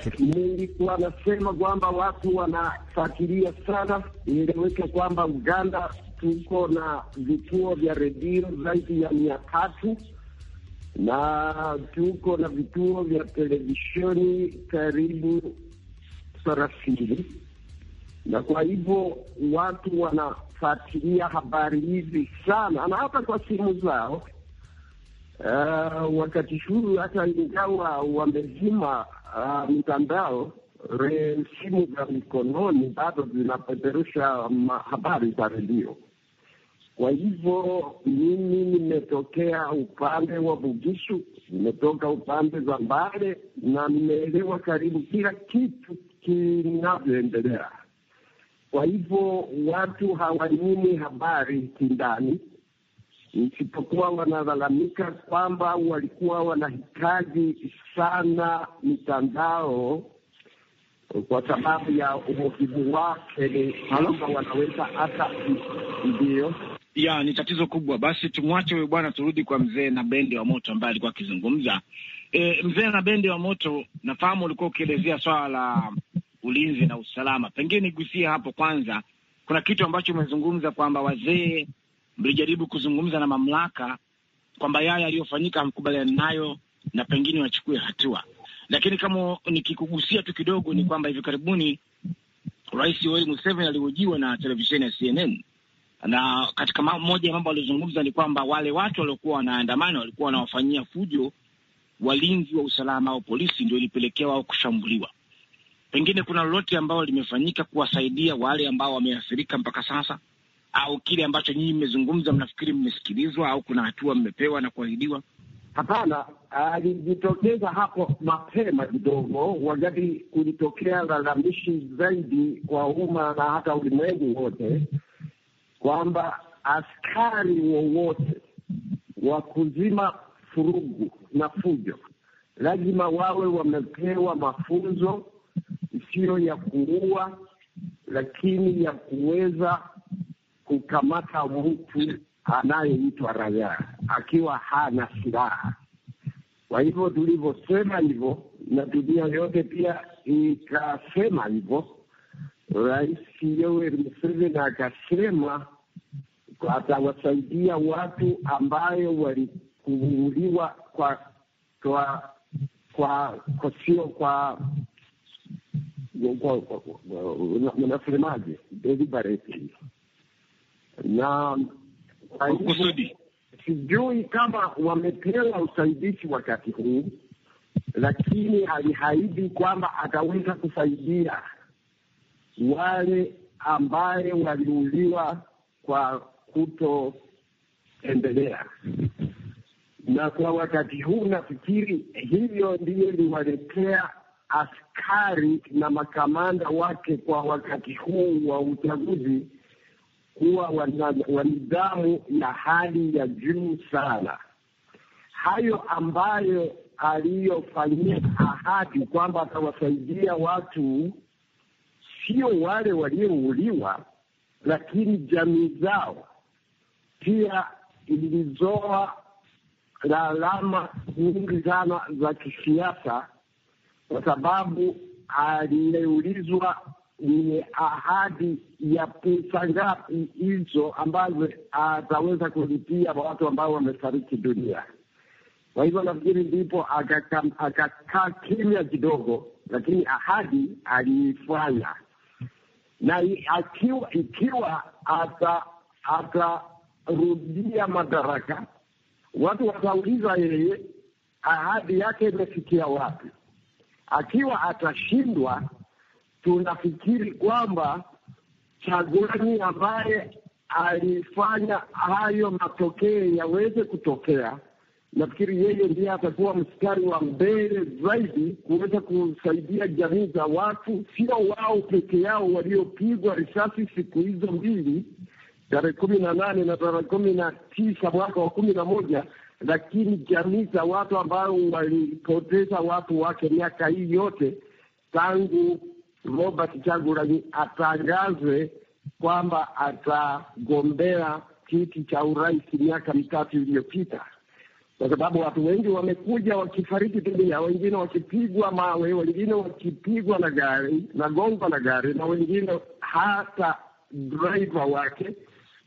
wanasema kwamba watu wanafuatilia sana. Ieleweke kwamba Uganda tuko na vituo vya redio zaidi ya mia tatu na tuko na vituo vya televisheni karibu thelathini na kwa hivyo watu wanafuatilia habari hizi sana, na hata kwa simu zao. Uh, wakati huu hata ingawa wamezima uh, eh, mitandao re, simu za mikononi bado zinapeperusha habari za redio. Kwa hivyo mimi nimetokea upande wa Bugishu, nimetoka upande za Mbale na nimeelewa karibu kila kitu kinavyoendelea. Kwa hivyo watu hawaamini habari kindani, isipokuwa wanalalamika kwamba walikuwa wanahitaji sana mitandao kwa sababu ya umuhimu wake, kwamba wanaweza hata ndio ya ni tatizo kubwa. Basi tumwache huyo bwana, turudi kwa mzee na bendi wa moto ambaye alikuwa akizungumza. E, mzee na bendi wa moto, nafahamu ulikuwa ukielezea swala la ulinzi na usalama. Pengine nigusie hapo kwanza. Kuna kitu ambacho umezungumza kwamba wazee mlijaribu kuzungumza na mamlaka kwamba yale yaliyofanyika hamkubaliani nayo na pengine wachukue hatua, lakini kama nikikugusia tu kidogo ni kwamba hivi karibuni Rais Yoweri Museveni alihojiwa na televisheni ya CNN na katika moja ya mambo waliozungumza ni kwamba wale watu waliokuwa wanaandamana walikuwa wanawafanyia fujo walinzi wa usalama au polisi, ndio ilipelekea wao kushambuliwa pengine kuna lolote ambalo limefanyika kuwasaidia wale ambao wameathirika mpaka sasa, au kile ambacho nyinyi mmezungumza, mnafikiri mmesikilizwa, au kuna hatua mmepewa na kuahidiwa? Hapana, alijitokeza hapo mapema kidogo, wakati kulitokea lalamishi zaidi kwa umma na hata ulimwengu wote kwamba askari wowote wa kuzima furugu na fujo lazima wawe wamepewa mafunzo sio ya kuua, lakini ya kuweza kukamata mtu anayeitwa raia akiwa hana silaha. Kwa hivyo tulivyosema hivyo na dunia yote pia ikasema hivyo, Rais Yoweri Museveni akasema atawasaidia watu ambayo walikuuliwa kwa kwa kwa sio kwa unasemaje, deliberately na kusudi. Sijui kama wamepewa usaidizi wakati huu, lakini alihaidi kwamba ataweza kusaidia wale ambaye waliuliwa kwa kutoendelea na kwa wakati huu nafikiri hivyo ndiyo liwaletea askari na makamanda wake kwa wakati huu wa uchaguzi kuwa wanidhamu na hali ya juu sana. Hayo ambayo aliyofanyia ahadi kwamba atawasaidia watu, sio wale waliouliwa, lakini jamii zao, pia ilizoa alama nyingi sana za kisiasa kwa sababu aliyeulizwa ni ahadi ya pesa ngapi hizo ambazo ataweza kulipia watu ambao wamefariki dunia. Kwa hivyo nafikiri ndipo akakaa kimya kidogo, lakini ahadi aliifanya, na ikiwa, ikiwa atarudia madaraka, watu watauliza yeye ahadi yake imefikia wapi. Akiwa atashindwa, tunafikiri kwamba Chagulani ambaye alifanya hayo matokeo yaweze kutokea, nafikiri yeye ndiye atakuwa mstari wa mbele zaidi kuweza kusaidia jamii za watu, sio wao peke yao waliopigwa risasi siku hizo mbili, tarehe kumi na nane na tarehe kumi na tisa mwaka wa kumi na moja lakini jamii za watu ambao walipoteza watu wake miaka hii yote tangu Robert chagurani atangaze kwamba atagombea kiti cha urais miaka mitatu iliyopita, kwa sababu watu wengi wamekuja wakifariki dunia, wengine wakipigwa mawe, wengine wakipigwa na gari, nagongwa na gari, na wengine hata driver wake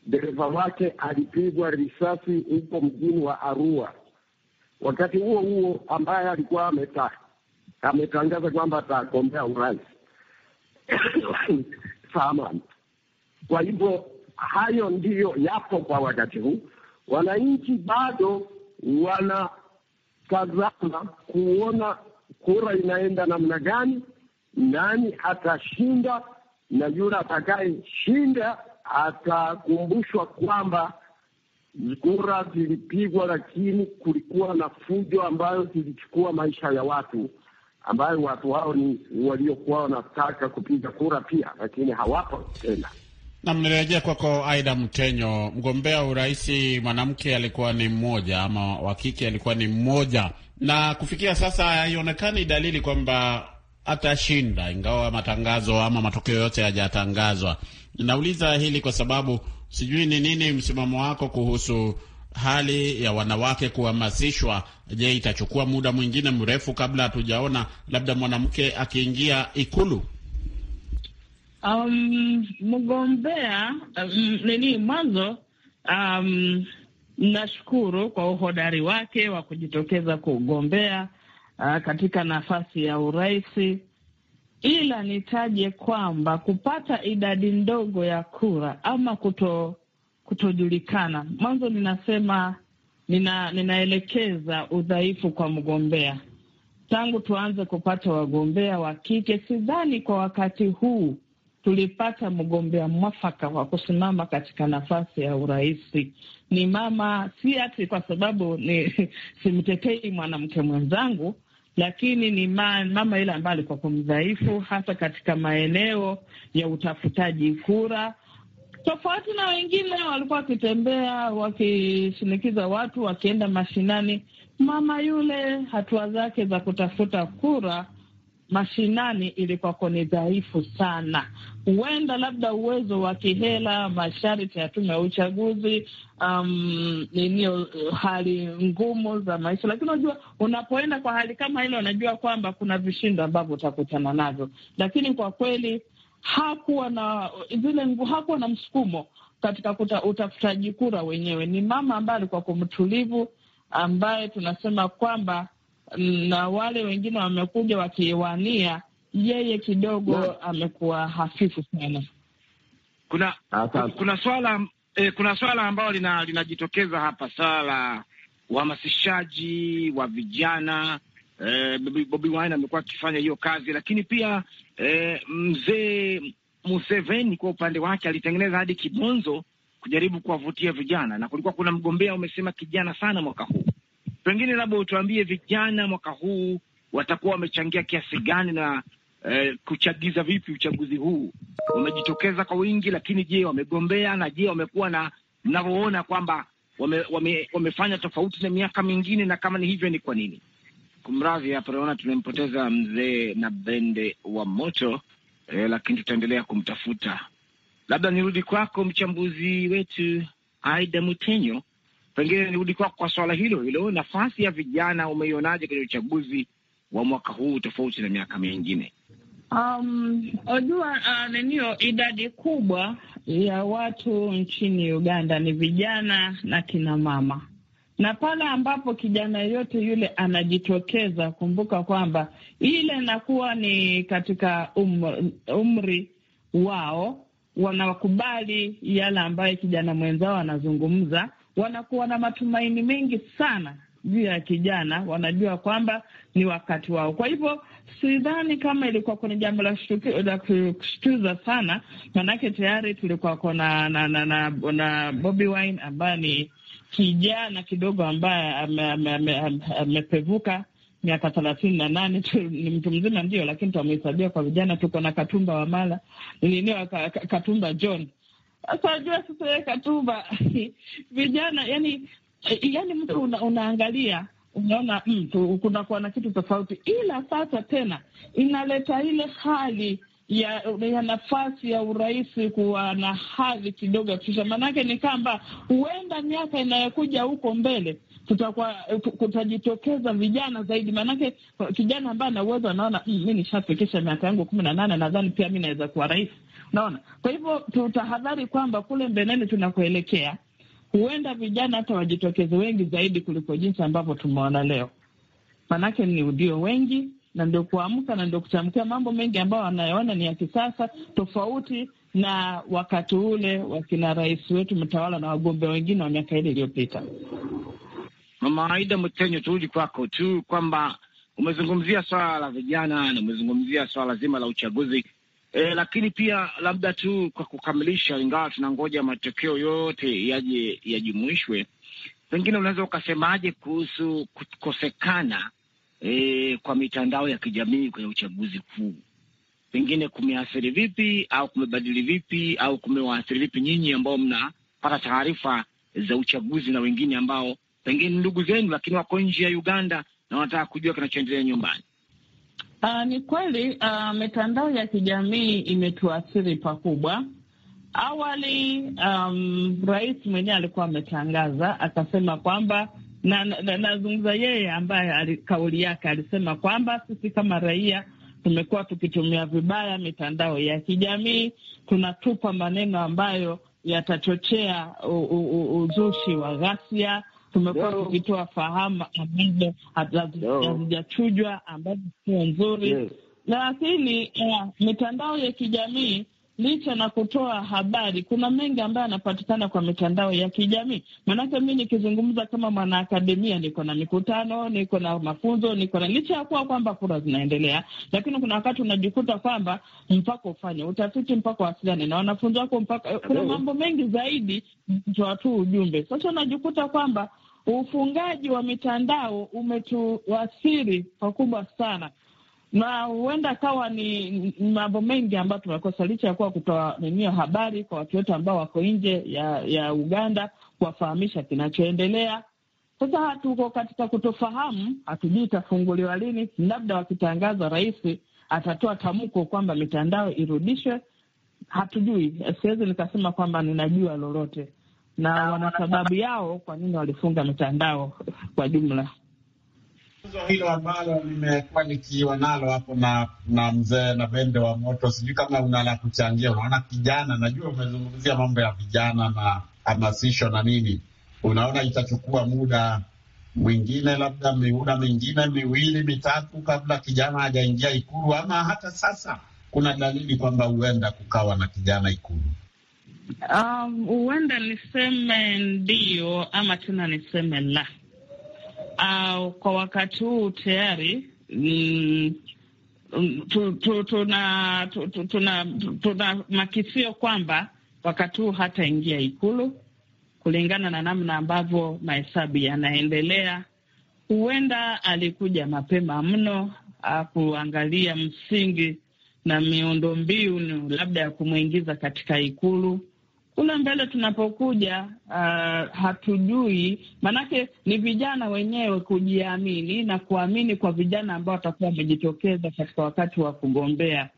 dereva wake alipigwa risasi huko mjini wa Arua. Wakati huo huo ambaye alikuwa ameta, ametangaza kwamba atagombea urais Samahani. Kwa hivyo hayo ndiyo yapo kwa wakati huu. Wananchi bado wanatazama kuona kura inaenda namna gani, nani atashinda na yule atakayeshinda atakumbushwa kwamba kura zilipigwa, lakini kulikuwa na fujo ambayo zilichukua maisha ya watu, ambayo watu hao ni waliokuwa wanataka kupiga kura pia, lakini hawapo tena. nam nirejea kwako Aida Mtenyo, mgombea urais mwanamke alikuwa ni mmoja ama wa kike alikuwa ni mmoja, na kufikia sasa haionekani dalili kwamba atashinda, ingawa matangazo ama matokeo yote hayajatangazwa. Nauliza hili kwa sababu sijui ni nini msimamo wako kuhusu hali ya wanawake kuhamasishwa. Je, itachukua muda mwingine mrefu kabla hatujaona labda mwanamke akiingia Ikulu? Um, mgombea um, nini mwanzo um, nashukuru kwa uhodari wake wa kujitokeza kugombea uh, katika nafasi ya urais, ila nitaje kwamba kupata idadi ndogo ya kura ama kuto kutojulikana mwanzo, ninasema nina, ninaelekeza udhaifu kwa mgombea. Tangu tuanze kupata wagombea wa kike, sidhani kwa wakati huu tulipata mgombea mwafaka wa kusimama katika nafasi ya urais. Ni mama, si ati kwa sababu ni simtetei mwanamke mwenzangu, lakini ni ma, mama yule ambaye alikuwa mdhaifu hasa katika maeneo ya utafutaji kura, tofauti na wengine walikuwa wakitembea wakishinikiza watu wakienda mashinani. Mama yule hatua zake za kutafuta kura mashinani ilikuwako ni dhaifu sana huenda labda uwezo wa kihela, masharti ya tume ya uchaguzi, um, niniyo hali ngumu za maisha. Lakini unajua unapoenda kwa hali kama ile, unajua kwamba kuna vishindo ambavyo utakutana navyo, lakini kwa kweli hakuwa na zile, hakuwa na msukumo katika utafutaji kura wenyewe. Ni mama ambaye alikuwa mtulivu ambaye tunasema kwamba mm, na wale wengine wamekuja wakiwania yeye kidogo amekuwa hafifu sana. Kuna kuna swala eh, kuna swala ambalo linajitokeza lina hapa, swala la uhamasishaji wa vijana eh, Bobi Wine amekuwa akifanya hiyo kazi, lakini pia eh, mzee Museveni kwa upande wake alitengeneza hadi kibonzo kujaribu kuwavutia vijana, na kulikuwa kuna mgombea umesema kijana sana mwaka huu. Pengine labda utuambie vijana mwaka huu watakuwa wamechangia kiasi gani na eh, kuchagiza vipi uchaguzi huu. Wamejitokeza kwa wingi, lakini je, wamegombea? Na je, wamekuwa na mnavyoona kwamba wame, wame, wamefanya tofauti na miaka mingine, na kama ni hivyo ni kwa nini? Kumradhi, hapa naona tumempoteza mzee na bende wa moto eh, lakini tutaendelea kumtafuta. Labda nirudi kwako mchambuzi wetu Aida Mutenyo, pengine nirudi kwako kwa swala hilo hilo, nafasi ya vijana umeionaje kwenye uchaguzi wa mwaka huu tofauti na miaka mingine? Um, wajua uh, niniyo idadi kubwa ya watu nchini Uganda ni vijana na kina mama, na pale ambapo kijana yote yule anajitokeza, kumbuka kwamba ile inakuwa ni katika um, umri wao, wanakubali yale ambayo kijana mwenzao anazungumza, wanakuwa na matumaini mengi sana juu ya kijana, wanajua kwamba ni wakati wao. Kwa hivyo sidhani kama ilikuwa kuna jambo la, kushtuza sana, maanake tayari tulikuwa kuna na, na, na, na Bobi Wine ambaye ni kijana kidogo ambaye amepevuka ame, miaka thelathini na nane ni mtu mzima ndio, lakini tumehesabia kwa vijana. Tuko na Katumba Wamala nilinewa ka, ka, Katumba John. Sasa ajua sasa ye Katumba vijana yani, yani mtu una, unaangalia unaona mtu kunakuwa na kitu tofauti, ila sasa tena inaleta ile hali ya, ya nafasi ya urais kuwa na hadhi kidogo ya kushusha. Maanake ni kwamba huenda miaka inayokuja huko mbele tutakuwa kutajitokeza vijana zaidi, maanake kijana ambaye ana uwezo anaona mm, mi nishafikisha miaka yangu kumi na nane, nadhani pia mi naweza kuwa rais. naona kwa hivyo tutahadhari kwamba kule mbeleni tunakuelekea huenda vijana hata wajitokeze wengi zaidi kuliko jinsi ambavyo tumeona leo, maanake ni ndio wengi na ndio kuamka na ndio kuchamkia mambo mengi ambayo wanayoona ni ya kisasa, tofauti na wakati ule wakina rais wetu mtawala na wagombea wengine wa miaka ile iliyopita. Mama Aida Mtenyo, turudi kwako tu kwamba umezungumzia swala la vijana na umezungumzia swala zima la uchaguzi E, lakini pia labda tu kwa kukamilisha, ingawa tunangoja matokeo yote yaje yajumuishwe, pengine unaweza ukasemaje kuhusu kukosekana e, kwa mitandao ya kijamii kwenye uchaguzi huu? Pengine kumeathiri vipi au kumebadili vipi au kumewaathiri vipi nyinyi ambao mnapata taarifa za uchaguzi na wengine ambao pengine ndugu zenu lakini wako nje ya Uganda na wanataka kujua kinachoendelea nyumbani? Uh, ni kweli uh, mitandao ya kijamii imetuathiri pakubwa. Awali um, rais mwenyewe alikuwa ametangaza akasema kwamba na nazungumza na, na yeye ambaye kauli yake alisema kwamba sisi kama raia tumekuwa tukitumia vibaya mitandao ya kijamii, tunatupa maneno ambayo yatachochea uzushi wa ghasia, tumekuwa tukitoa fahamu ambazo hazijachujwa, ambazo sio nzuri, lakini uh, eh, mitandao ya kijamii licha na kutoa habari, kuna mengi ambayo yanapatikana kwa mitandao ya kijamii maanake, mi nikizungumza kama mwanaakademia, niko na mikutano, niko na mafunzo, niko na licha ya kuwa kwamba kura zinaendelea, lakini kuna wakati unajikuta kwamba mpaka ufanye utafiti, mpaka wasiliane na wanafunzi wako, mpaka kuna mambo mengi zaidi, toa tu ujumbe. Sasa unajikuta kwamba ufungaji wa mitandao umetuathiri pakubwa sana, na huenda kawa ni mambo mengi ambayo tumekosa, licha ya kuwa kutoa ninio habari kwa watu wote ambao wako nje ya, ya Uganda kuwafahamisha kinachoendelea. Sasa hatuko katika kutofahamu, hatujui itafunguliwa lini. Labda wakitangaza rais atatoa tamko kwamba mitandao irudishwe, hatujui. Siwezi nikasema kwamba ninajua lolote na wana sababu yao kwa nini walifunga mitandao kwa jumla. Tatizo hilo ambalo nimekuwa nikiwa nalo hapo na na mzee na bende wa moto, sijui kama una la kuchangia. Unaona kijana, najua umezungumzia mambo ya vijana na hamasisho na nini, unaona itachukua muda mwingine labda miuda mingine miwili mitatu kabla kijana hajaingia Ikulu, ama hata sasa kuna dalili kwamba huenda kukawa na kijana Ikulu. Um, huenda um, niseme ndiyo ama tena niseme la. Uh, kwa wakati huu tayari mm, mm, tuna, tuna, tuna makisio kwamba wakati huu hataingia Ikulu kulingana na namna ambavyo mahesabu yanaendelea. Huenda alikuja mapema mno kuangalia msingi na miundombinu labda ya kumwingiza katika Ikulu kule mbele tunapokuja, uh, hatujui, maanake ni vijana wenyewe kujiamini na kuamini kwa vijana ambao watakuwa wamejitokeza katika wakati wa kugombea,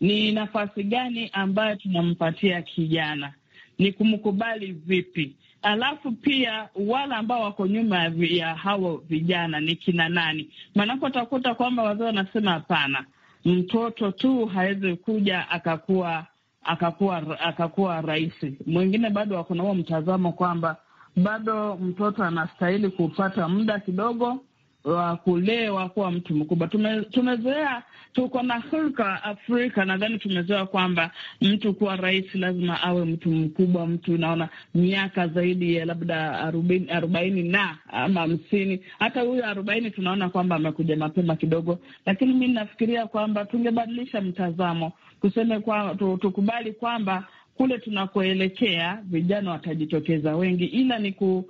ni nafasi gani ambayo tunampatia kijana, ni kumkubali vipi? Alafu pia wale ambao wako nyuma ya hao vijana ni kina nani? Maanake utakuta kwamba wazee wanasema hapana, mtoto tu hawezi kuja akakuwa akakuwa akakuwa rais. Mwingine bado wako na huo mtazamo kwamba bado mtoto anastahili kupata muda kidogo wa kulewa kuwa mtu mkubwa. Tume, tumezoea tuko na hulka Afrika, nadhani tumezoea kwamba mtu kuwa rais lazima awe mtu mkubwa, mtu unaona miaka zaidi ya labda arobaini, arobaini na ama hamsini. Hata huyo arobaini tunaona kwamba amekuja mapema kidogo, lakini mi nafikiria kwamba tungebadilisha mtazamo, tuseme kwa, tukubali kwamba kule tunakoelekea vijana watajitokeza wengi, ila ni ku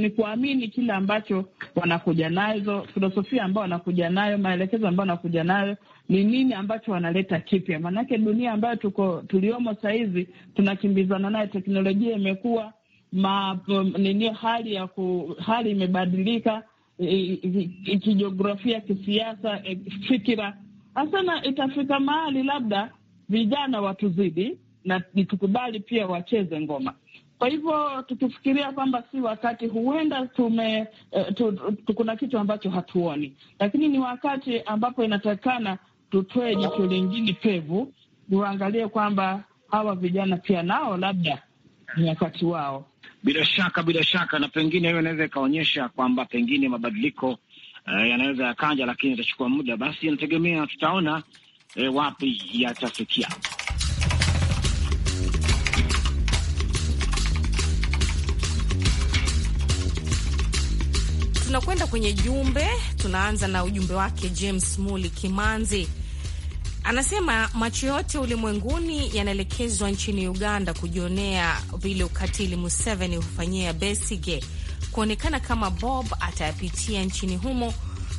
ni kuamini kile ambacho wanakuja nazo, filosofia ambayo wanakuja nayo, maelekezo ambayo wanakuja nayo, ni nini ambacho wanaleta kipya. Maanake dunia ambayo tuko tuliomo sahizi tunakimbizana naye teknolojia imekuwa nini, hali ya ku, hali imebadilika kijiografia, kisiasa, e, fikira. hasana itafika mahali labda vijana watuzidi na nitukubali pia wacheze ngoma. Kwa hivyo tukifikiria kwamba si wakati, huenda tume eh, tu, kuna kitu ambacho hatuoni, lakini ni wakati ambapo inatakikana tutoe jicho lingine pevu, tuangalie kwamba hawa vijana pia nao labda ni wakati wao. Bila shaka, bila shaka, na pengine hiyo inaweza ikaonyesha kwamba pengine mabadiliko uh, yanaweza yakaja, lakini itachukua muda. Basi inategemea tutaona e, wapi yatafikia. Tunakwenda kwenye jumbe, tunaanza na ujumbe wake James Muli Kimanzi. Anasema macho yote ulimwenguni yanaelekezwa nchini Uganda kujionea vile ukatili Museveni hufanyia Besige, kuonekana kama Bob atayapitia nchini humo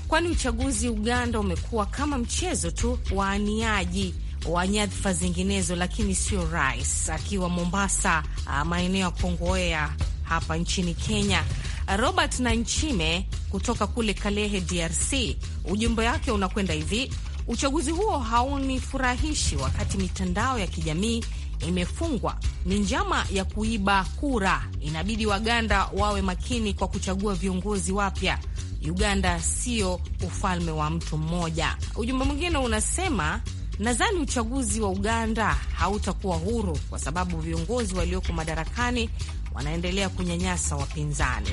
kwani uchaguzi Uganda umekuwa kama mchezo tu wa aniaji wa nyadhifa zinginezo, lakini sio rais. Akiwa Mombasa, ah, maeneo ya Kongowea hapa nchini Kenya, Robert Nanchime kutoka kule Kalehe, DRC, ujumbe wake unakwenda hivi: uchaguzi huo haunifurahishi, wakati mitandao ya kijamii imefungwa. Ni njama ya kuiba kura. Inabidi Waganda wawe makini kwa kuchagua viongozi wapya. Uganda sio ufalme wa mtu mmoja. Ujumbe mwingine unasema nadhani uchaguzi wa Uganda hautakuwa huru kwa sababu viongozi walioko madarakani wanaendelea kunyanyasa wapinzani.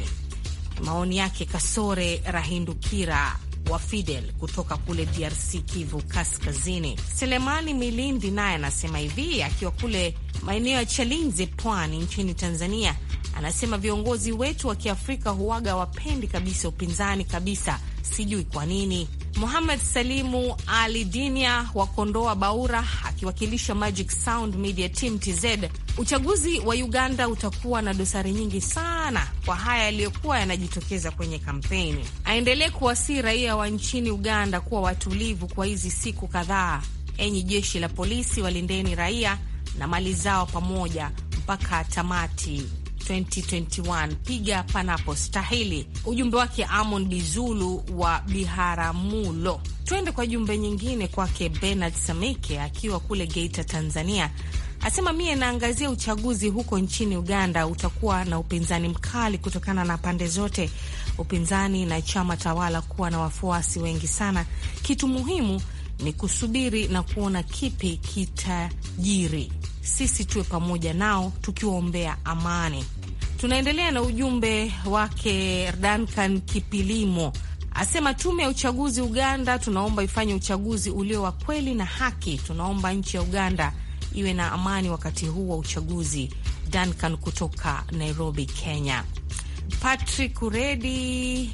Maoni yake Kasore Rahindukira wa Fidel kutoka kule DRC, Kivu Kaskazini. Selemani Milindi naye anasema hivi akiwa kule maeneo ya Chalinze, Pwani nchini Tanzania. Anasema viongozi wetu wa Kiafrika huwaga wapendi kabisa upinzani kabisa, sijui kwa nini. Muhammad Salimu Ali Dinia wa Kondoa Baura akiwakilisha Magic Sound Media Team TZ, uchaguzi wa Uganda utakuwa na dosari nyingi sana kwa haya yaliyokuwa yanajitokeza kwenye kampeni. Aendelee kuwasii raia wa nchini Uganda kuwa watulivu kwa hizi siku kadhaa. Enyi jeshi la polisi, walindeni raia na mali zao pamoja mpaka tamati. 2021 piga panapo stahili. Ujumbe wake Amon Bizulu wa Biharamulo. Tuende kwa jumbe nyingine kwake Bernard Samike akiwa kule Geita, Tanzania. Asema mie naangazia uchaguzi huko nchini Uganda utakuwa na upinzani mkali kutokana na pande zote, upinzani na chama tawala kuwa na wafuasi wengi sana. Kitu muhimu ni kusubiri na kuona kipi kitajiri. Sisi tuwe pamoja nao tukiwaombea amani. Tunaendelea na ujumbe wake Duncan Kipilimo asema tume ya uchaguzi Uganda, tunaomba ifanye uchaguzi ulio wa kweli na haki. Tunaomba nchi ya Uganda iwe na amani wakati huu wa uchaguzi. Duncan kutoka Nairobi, Kenya. Patrick Uredi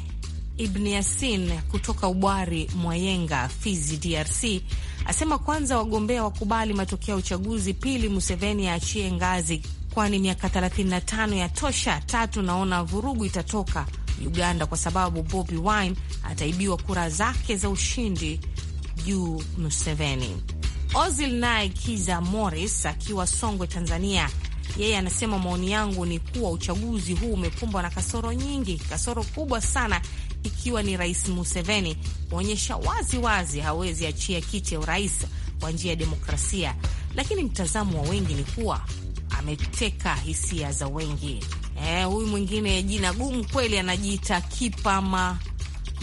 Ibn Yasin kutoka Ubwari Mwayenga, Fizi, DRC asema kwanza, wagombea wakubali matokeo ya uchaguzi; pili, Museveni aachie ngazi kwani miaka 35 ya tosha tatu. Naona vurugu itatoka Uganda kwa sababu Bobi Wine ataibiwa kura zake za ushindi juu Museveni. Ozil naye Kiza Morris akiwa Songwe, Tanzania, yeye anasema maoni yangu ni kuwa uchaguzi huu umekumbwa na kasoro nyingi, kasoro kubwa sana ikiwa ni Rais Museveni kuonyesha wazi wazi hawezi achia kiti ya urais kwa njia ya demokrasia, lakini mtazamo wa wengi ni kuwa ameteka hisia za wengi. Eh, huyu mwingine jina gumu kweli, anajiita Kipama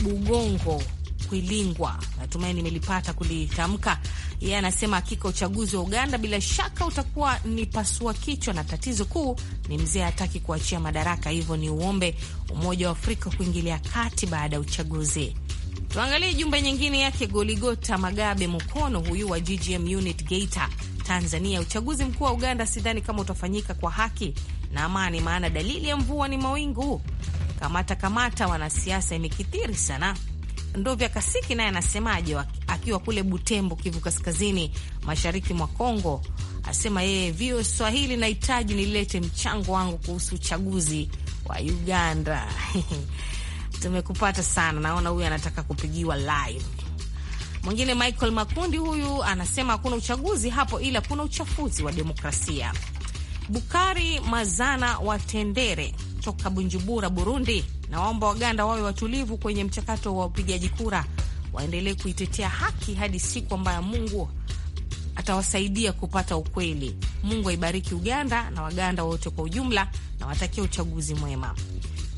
Bugongo Kwilingwa, natumai nimelipata kulitamka. Yeye anasema hakika uchaguzi wa Uganda bila shaka utakuwa ni pasua kichwa, na tatizo kuu ni mzee hataki kuachia madaraka, hivyo ni uombe Umoja wa Afrika kuingilia kati baada ya uchaguzi. Tuangalie jumbe nyingine yake Goligota Magabe Mukono, huyu wa GGM unit Geita Tanzania, uchaguzi mkuu wa Uganda sidhani kama utafanyika kwa haki na amani, maana dalili ya mvua ni mawingu. Kamata kamata wanasiasa imekithiri sana. Ndovya Kasiki naye anasemaje akiwa kule Butembo, Kivu Kaskazini, mashariki mwa Kongo? Asema yeye vio Swahili, nahitaji nilete mchango wangu kuhusu uchaguzi wa Uganda. Tumekupata sana, naona huyu anataka kupigiwa live. Mwingine Michael Makundi, huyu anasema hakuna uchaguzi hapo, ila kuna uchafuzi wa demokrasia. Bukari Mazana wa Tendere toka Bunjubura, Burundi, nawaomba Waganda wawe watulivu kwenye mchakato wa upigaji kura, waendelee kuitetea haki hadi siku ambayo Mungu atawasaidia kupata ukweli. Mungu aibariki Uganda na Waganda wote kwa ujumla, na watakia uchaguzi mwema.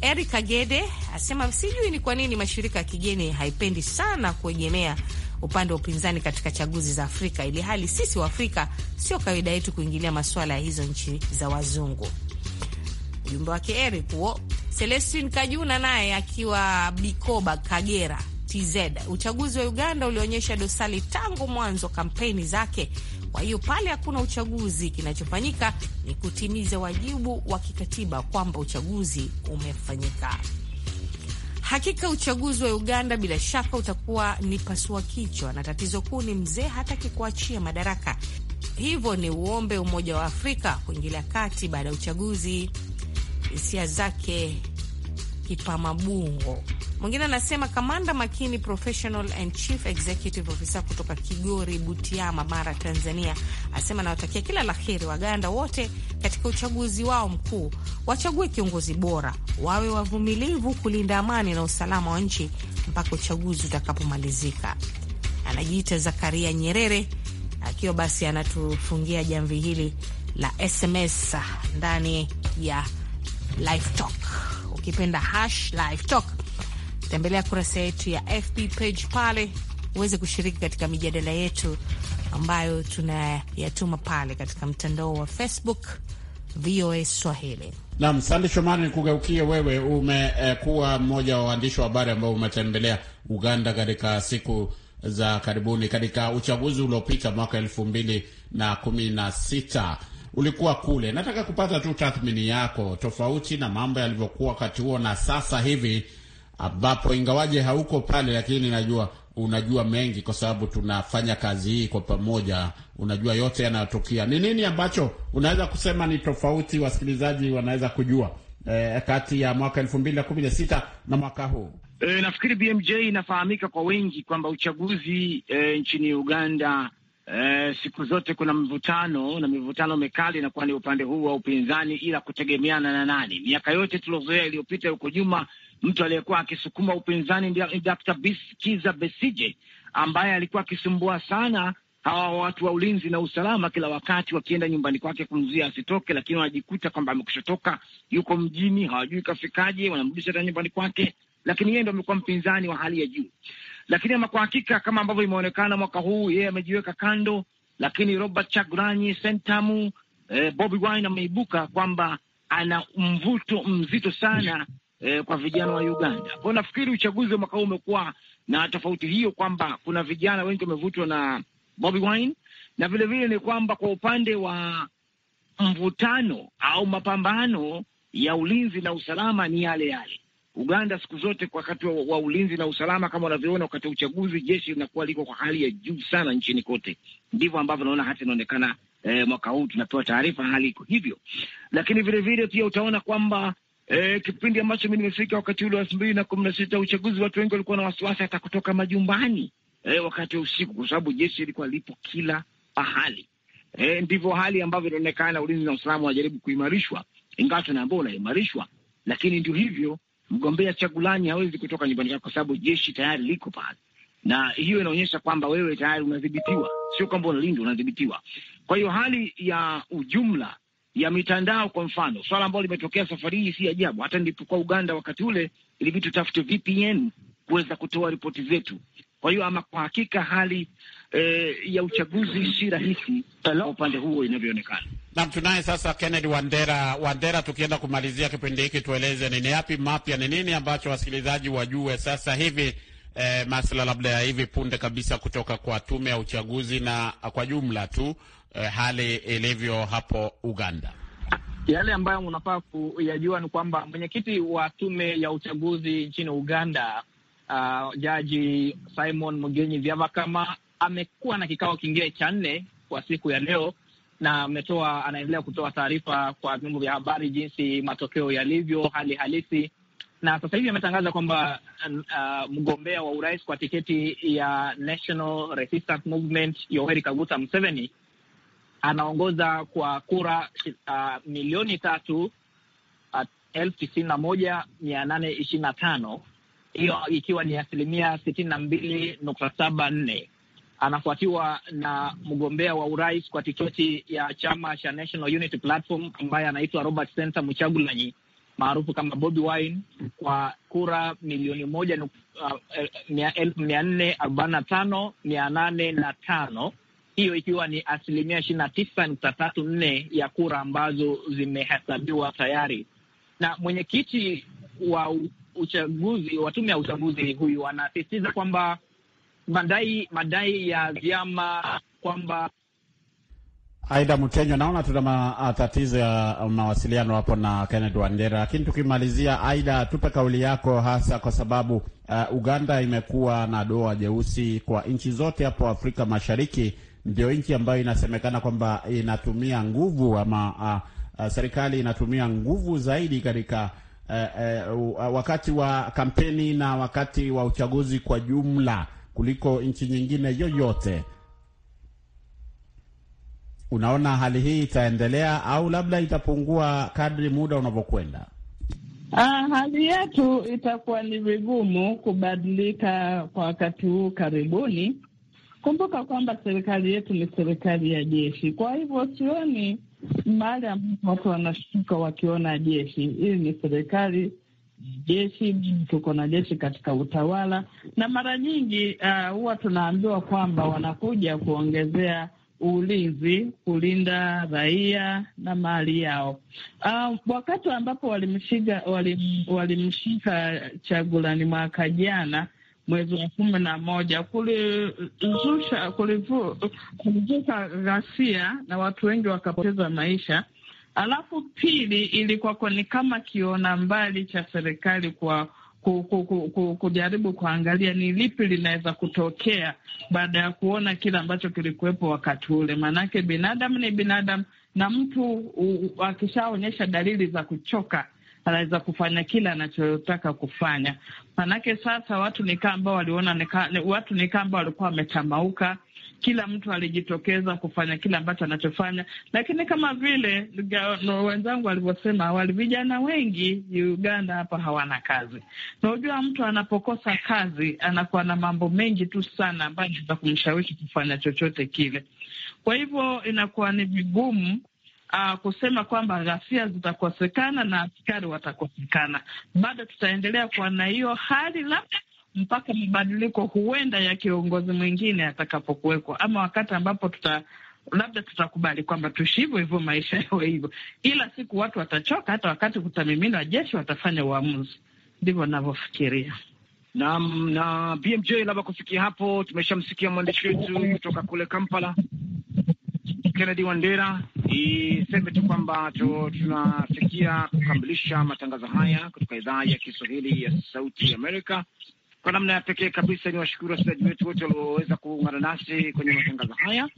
Eric Agede asema sijui ni kwa nini mashirika ya kigeni haipendi sana kuegemea upande wa upinzani katika chaguzi za Afrika, ili hali sisi wa afrika sio kawaida yetu kuingilia masuala ya hizo nchi za wazungu. Ujumbe wake Eric huo. Celestin Kajuna naye akiwa Bikoba, Kagera, TZ. Uchaguzi wa Uganda ulionyesha dosari tangu mwanzo kampeni zake. Kwa hiyo pale hakuna uchaguzi, kinachofanyika ni kutimiza wajibu wa kikatiba kwamba uchaguzi umefanyika. Hakika uchaguzi wa Uganda bila shaka utakuwa ni pasua kichwa, na tatizo kuu ni mzee hataki kuachia madaraka. Hivyo ni uombe Umoja wa Afrika kuingilia kati baada ya uchaguzi. Hisia zake Kipamabungo. Mwingine anasema kamanda makini professional and chief executive officer kutoka Kigori, Butiama, Mara, Tanzania, asema anawatakia kila la heri Waganda wote katika uchaguzi wao mkuu. Wachague kiongozi bora, wawe wavumilivu kulinda amani na usalama wa nchi mpaka uchaguzi utakapomalizika. Anajiita Zakaria Nyerere, akiwa basi anatufungia jamvi hili la SMS ndani ya Live Talk ukipenda hash live talk. Tembelea kurasa yetu ya FB page pale uweze kushiriki katika mijadala yetu ambayo tunayatuma pale katika mtandao wa Facebook VOA Swahili. Naam, Sande Shomari, ni kugeukie wewe. Umekuwa eh, mmoja wa waandishi wa habari ambao umetembelea Uganda katika siku za karibuni. Katika uchaguzi uliopita mwaka elfu mbili na kumi na sita ulikuwa kule. Nataka kupata tu tathmini yako, tofauti na mambo yalivyokuwa wakati huo na sasa hivi, ambapo ingawaje hauko pale, lakini najua unajua mengi kwa sababu tunafanya kazi hii kwa pamoja, unajua yote yanayotokea. Ni nini ambacho unaweza kusema ni tofauti, wasikilizaji wanaweza kujua eh, kati ya mwaka elfu mbili na kumi na sita na mwaka huu? E, nafikiri BMJ inafahamika kwa wengi kwamba uchaguzi e, nchini Uganda eh, siku zote kuna mvutano na mivutano mikali inakuwa ni upande huu wa upinzani, ila kutegemeana na nani. Miaka yote tuliozoea iliyopita huko nyuma, mtu aliyekuwa akisukuma upinzani ni Kiza Besije ambaye alikuwa akisumbua sana hawa watu wa ulinzi na usalama, kila wakati wakienda nyumbani kwake kumzuia asitoke, lakini wanajikuta kwamba amekushatoka yuko mjini, hawajui kafikaje, wanamrudisha tena nyumbani kwake, lakini yeye ndo amekuwa mpinzani wa hali ya juu. Lakini ama kwa hakika kama ambavyo imeonekana mwaka huu yeye amejiweka kando, lakini Robert Chagrani Sentamu, eh, Bobby Wine ameibuka kwamba ana mvuto mzito sana eh, kwa vijana wa Uganda. Kwa nafikiri uchaguzi wa mwaka huu umekuwa na tofauti hiyo kwamba kuna vijana wengi wamevutwa na Bobby Wine na vilevile ni kwamba kwa upande wa mvutano au mapambano ya ulinzi na usalama ni yale yale. Uganda siku zote kwa wakati wa, wa ulinzi na usalama, kama unavyoona wakati wa uchaguzi, jeshi linakuwa liko kwa hali ya juu sana nchini kote. Ndivyo ambavyo naona hata inaonekana eh, mwaka huu tunapewa taarifa hali iko hivyo, lakini vilevile pia utaona kwamba E, kipindi ambacho mi nimefika wakati ule wa elfu mbili na kumi na sita uchaguzi, watu wengi walikuwa na wasiwasi hata kutoka majumbani e, wakati wa usiku, kwa sababu jeshi lilikuwa lipo kila pahali. e, ndivyo hali ambavyo inaonekana ulinzi na usalama wanajaribu kuimarishwa, ingawa tunaambia unaimarishwa, lakini ndio hivyo mgombea chagulani hawezi kutoka nyumbani kwake, kwa sababu jeshi tayari liko pale, na hiyo inaonyesha kwamba wewe tayari unadhibitiwa, sio kwamba unalindwa, unadhibitiwa. Kwa hiyo hali ya ujumla ya mitandao, kwa mfano, swala ambalo limetokea safari hii si ajabu. Hata nilipokuwa Uganda wakati ule ilibidi tutafute VPN kuweza kutoa ripoti zetu, kwa hiyo ama kwa hakika hali e, ya uchaguzi si rahisi kwa upande huo inavyoonekana. Nam, tunaye sasa Kennedy Wandera. Wandera, tukienda kumalizia kipindi hiki, tueleze nini yapi mapya, ni nini ambacho wasikilizaji wajue sasa hivi eh, masuala labda ya hivi punde kabisa kutoka kwa tume ya uchaguzi na kwa jumla tu eh, hali ilivyo hapo Uganda. Yale ambayo unafaa kuyajua ni kwamba mwenyekiti wa tume ya uchaguzi nchini Uganda uh, Jaji Simon Mugenyi Vyavakama amekuwa na kikao kingine cha nne kwa siku ya leo na ametoa anaendelea kutoa taarifa kwa vyombo vya habari jinsi matokeo yalivyo, hali halisi. Na sasa hivi ametangaza kwamba uh, mgombea wa urais kwa tiketi ya National Resistance Movement Yoweri Kaguta Museveni anaongoza kwa kura uh, milioni tatu elfu tisini na moja mia nane ishirini na tano hiyo ikiwa ni asilimia sitini na mbili nukta saba nne. Anafuatiwa na mgombea wa urais kwa tiketi ya chama cha National Unity Platform ambaye anaitwa Robert Senta Muchagulanyi maarufu kama Bobi Wine kwa kura milioni moja eh, elfu uh, mia nne arobaini na tano mia nane na tano hiyo ikiwa ni asilimia ishirini na tisa nukta tatu nne ya kura ambazo zimehesabiwa tayari. Na mwenyekiti wa uchaguzi wa tume ya uchaguzi huyu anasisitiza kwamba madai madai ya vyama kwamba Aida Mtenyo, naona tuna matatizo ah, ya um, mawasiliano hapo na Kenneth Wandera, lakini tukimalizia, Aida, tupe kauli yako hasa kwa sababu uh, Uganda imekuwa na doa jeusi kwa nchi zote hapo Afrika Mashariki. Ndio nchi ambayo inasemekana kwamba inatumia nguvu ama uh, uh, serikali inatumia nguvu zaidi katika eh, eh wakati wa kampeni na wakati wa uchaguzi kwa jumla kuliko nchi nyingine yoyote. Unaona hali hii itaendelea au labda itapungua kadri muda unavyokwenda? Ah, hali yetu itakuwa ni vigumu kubadilika kwa wakati huu karibuni. Kumbuka kwamba serikali yetu ni serikali ya jeshi, kwa hivyo sioni mahali ambapo watu wanashtuka wakiona jeshi. Hili ni serikali jeshi, tuko na jeshi katika utawala, na mara nyingi uh, huwa uh, tunaambiwa kwamba wanakuja kuongezea ulinzi kulinda raia na mali yao. Uh, wakati ambapo walimshika walim, walimshika Chagulani mwaka jana mwezi wa kumi na moja kulizusha kulizuka ghasia na watu wengi wakapoteza maisha. Alafu pili, ilikuwa ni kama kiona mbali cha serikali kwa ku, ku, ku, ku, kujaribu kuangalia ni lipi linaweza kutokea baada ya kuona kile ambacho kilikuwepo wakati ule. Maanake binadamu ni binadamu, na mtu akishaonyesha dalili za kuchoka anaweza kufanya kile anachotaka kufanya. Manake sasa watu nikaa ambao waliona watu nikaa ambao walikuwa wametamauka, kila mtu alijitokeza kufanya kile ambacho anachofanya, lakini kama vile wenzangu walivyosema awali, vijana wengi Uganda hapa hawana kazi. Unajua, mtu anapokosa kazi anakuwa na mambo mengi tu sana ambayo anaweza kumshawishi kufanya chochote kile. Kwa hivyo inakuwa ni vigumu uh, kusema kwamba ghasia zitakosekana na askari watakosekana. Bado tutaendelea kuwa na hiyo hali labda mpaka mabadiliko huenda ya kiongozi mwingine atakapokuwekwa, ama wakati ambapo tuta labda tutakubali kwamba tuishi hivyo hivyo maisha yao hivyo, ila siku watu watachoka, hata wakati kutamiminwa jeshi watafanya uamuzi. Ndivyo navyofikiria. Naam, na BMJ, labda kufikia hapo tumeshamsikia mwandishi wetu kutoka kule Kampala, Kennedy Wandera. Niseme tu kwamba tunafikia kukamilisha matangazo haya kutoka idhaa ya Kiswahili ya Sauti Amerika. Kwa namna ya pekee kabisa ni washukuru wasikilizaji wetu wote walioweza kuungana nasi kwenye matangazo haya,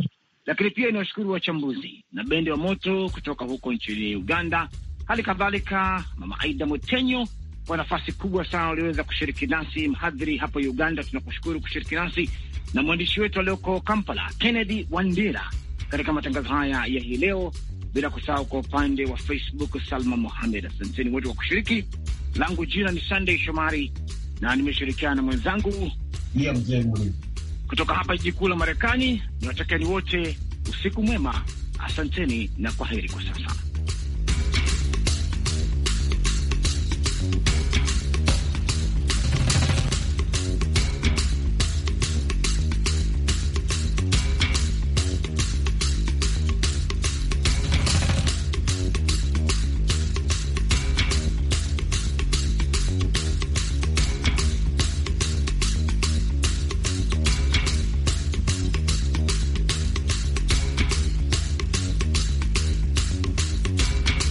lakini pia ni washukuru wachambuzi na bende wa moto kutoka huko nchini Uganda, hali kadhalika Mama Aida Motenyo kwa nafasi kubwa sana walioweza kushiriki nasi, mhadhiri hapo Uganda, tunakushukuru kushiriki nasi, na mwandishi wetu alioko Kampala Kennedy Wandera katika matangazo haya ya hii leo, bila kusahau kwa upande wa Facebook Salma muhamed Asanteni wote kwa kushiriki. Langu jina ni sandey Shomari na nimeshirikiana na mwenzangu kutoka hapa jiji kuu la Marekani. Niwatakieni wote usiku mwema, asanteni na kwa heri kwa sasa.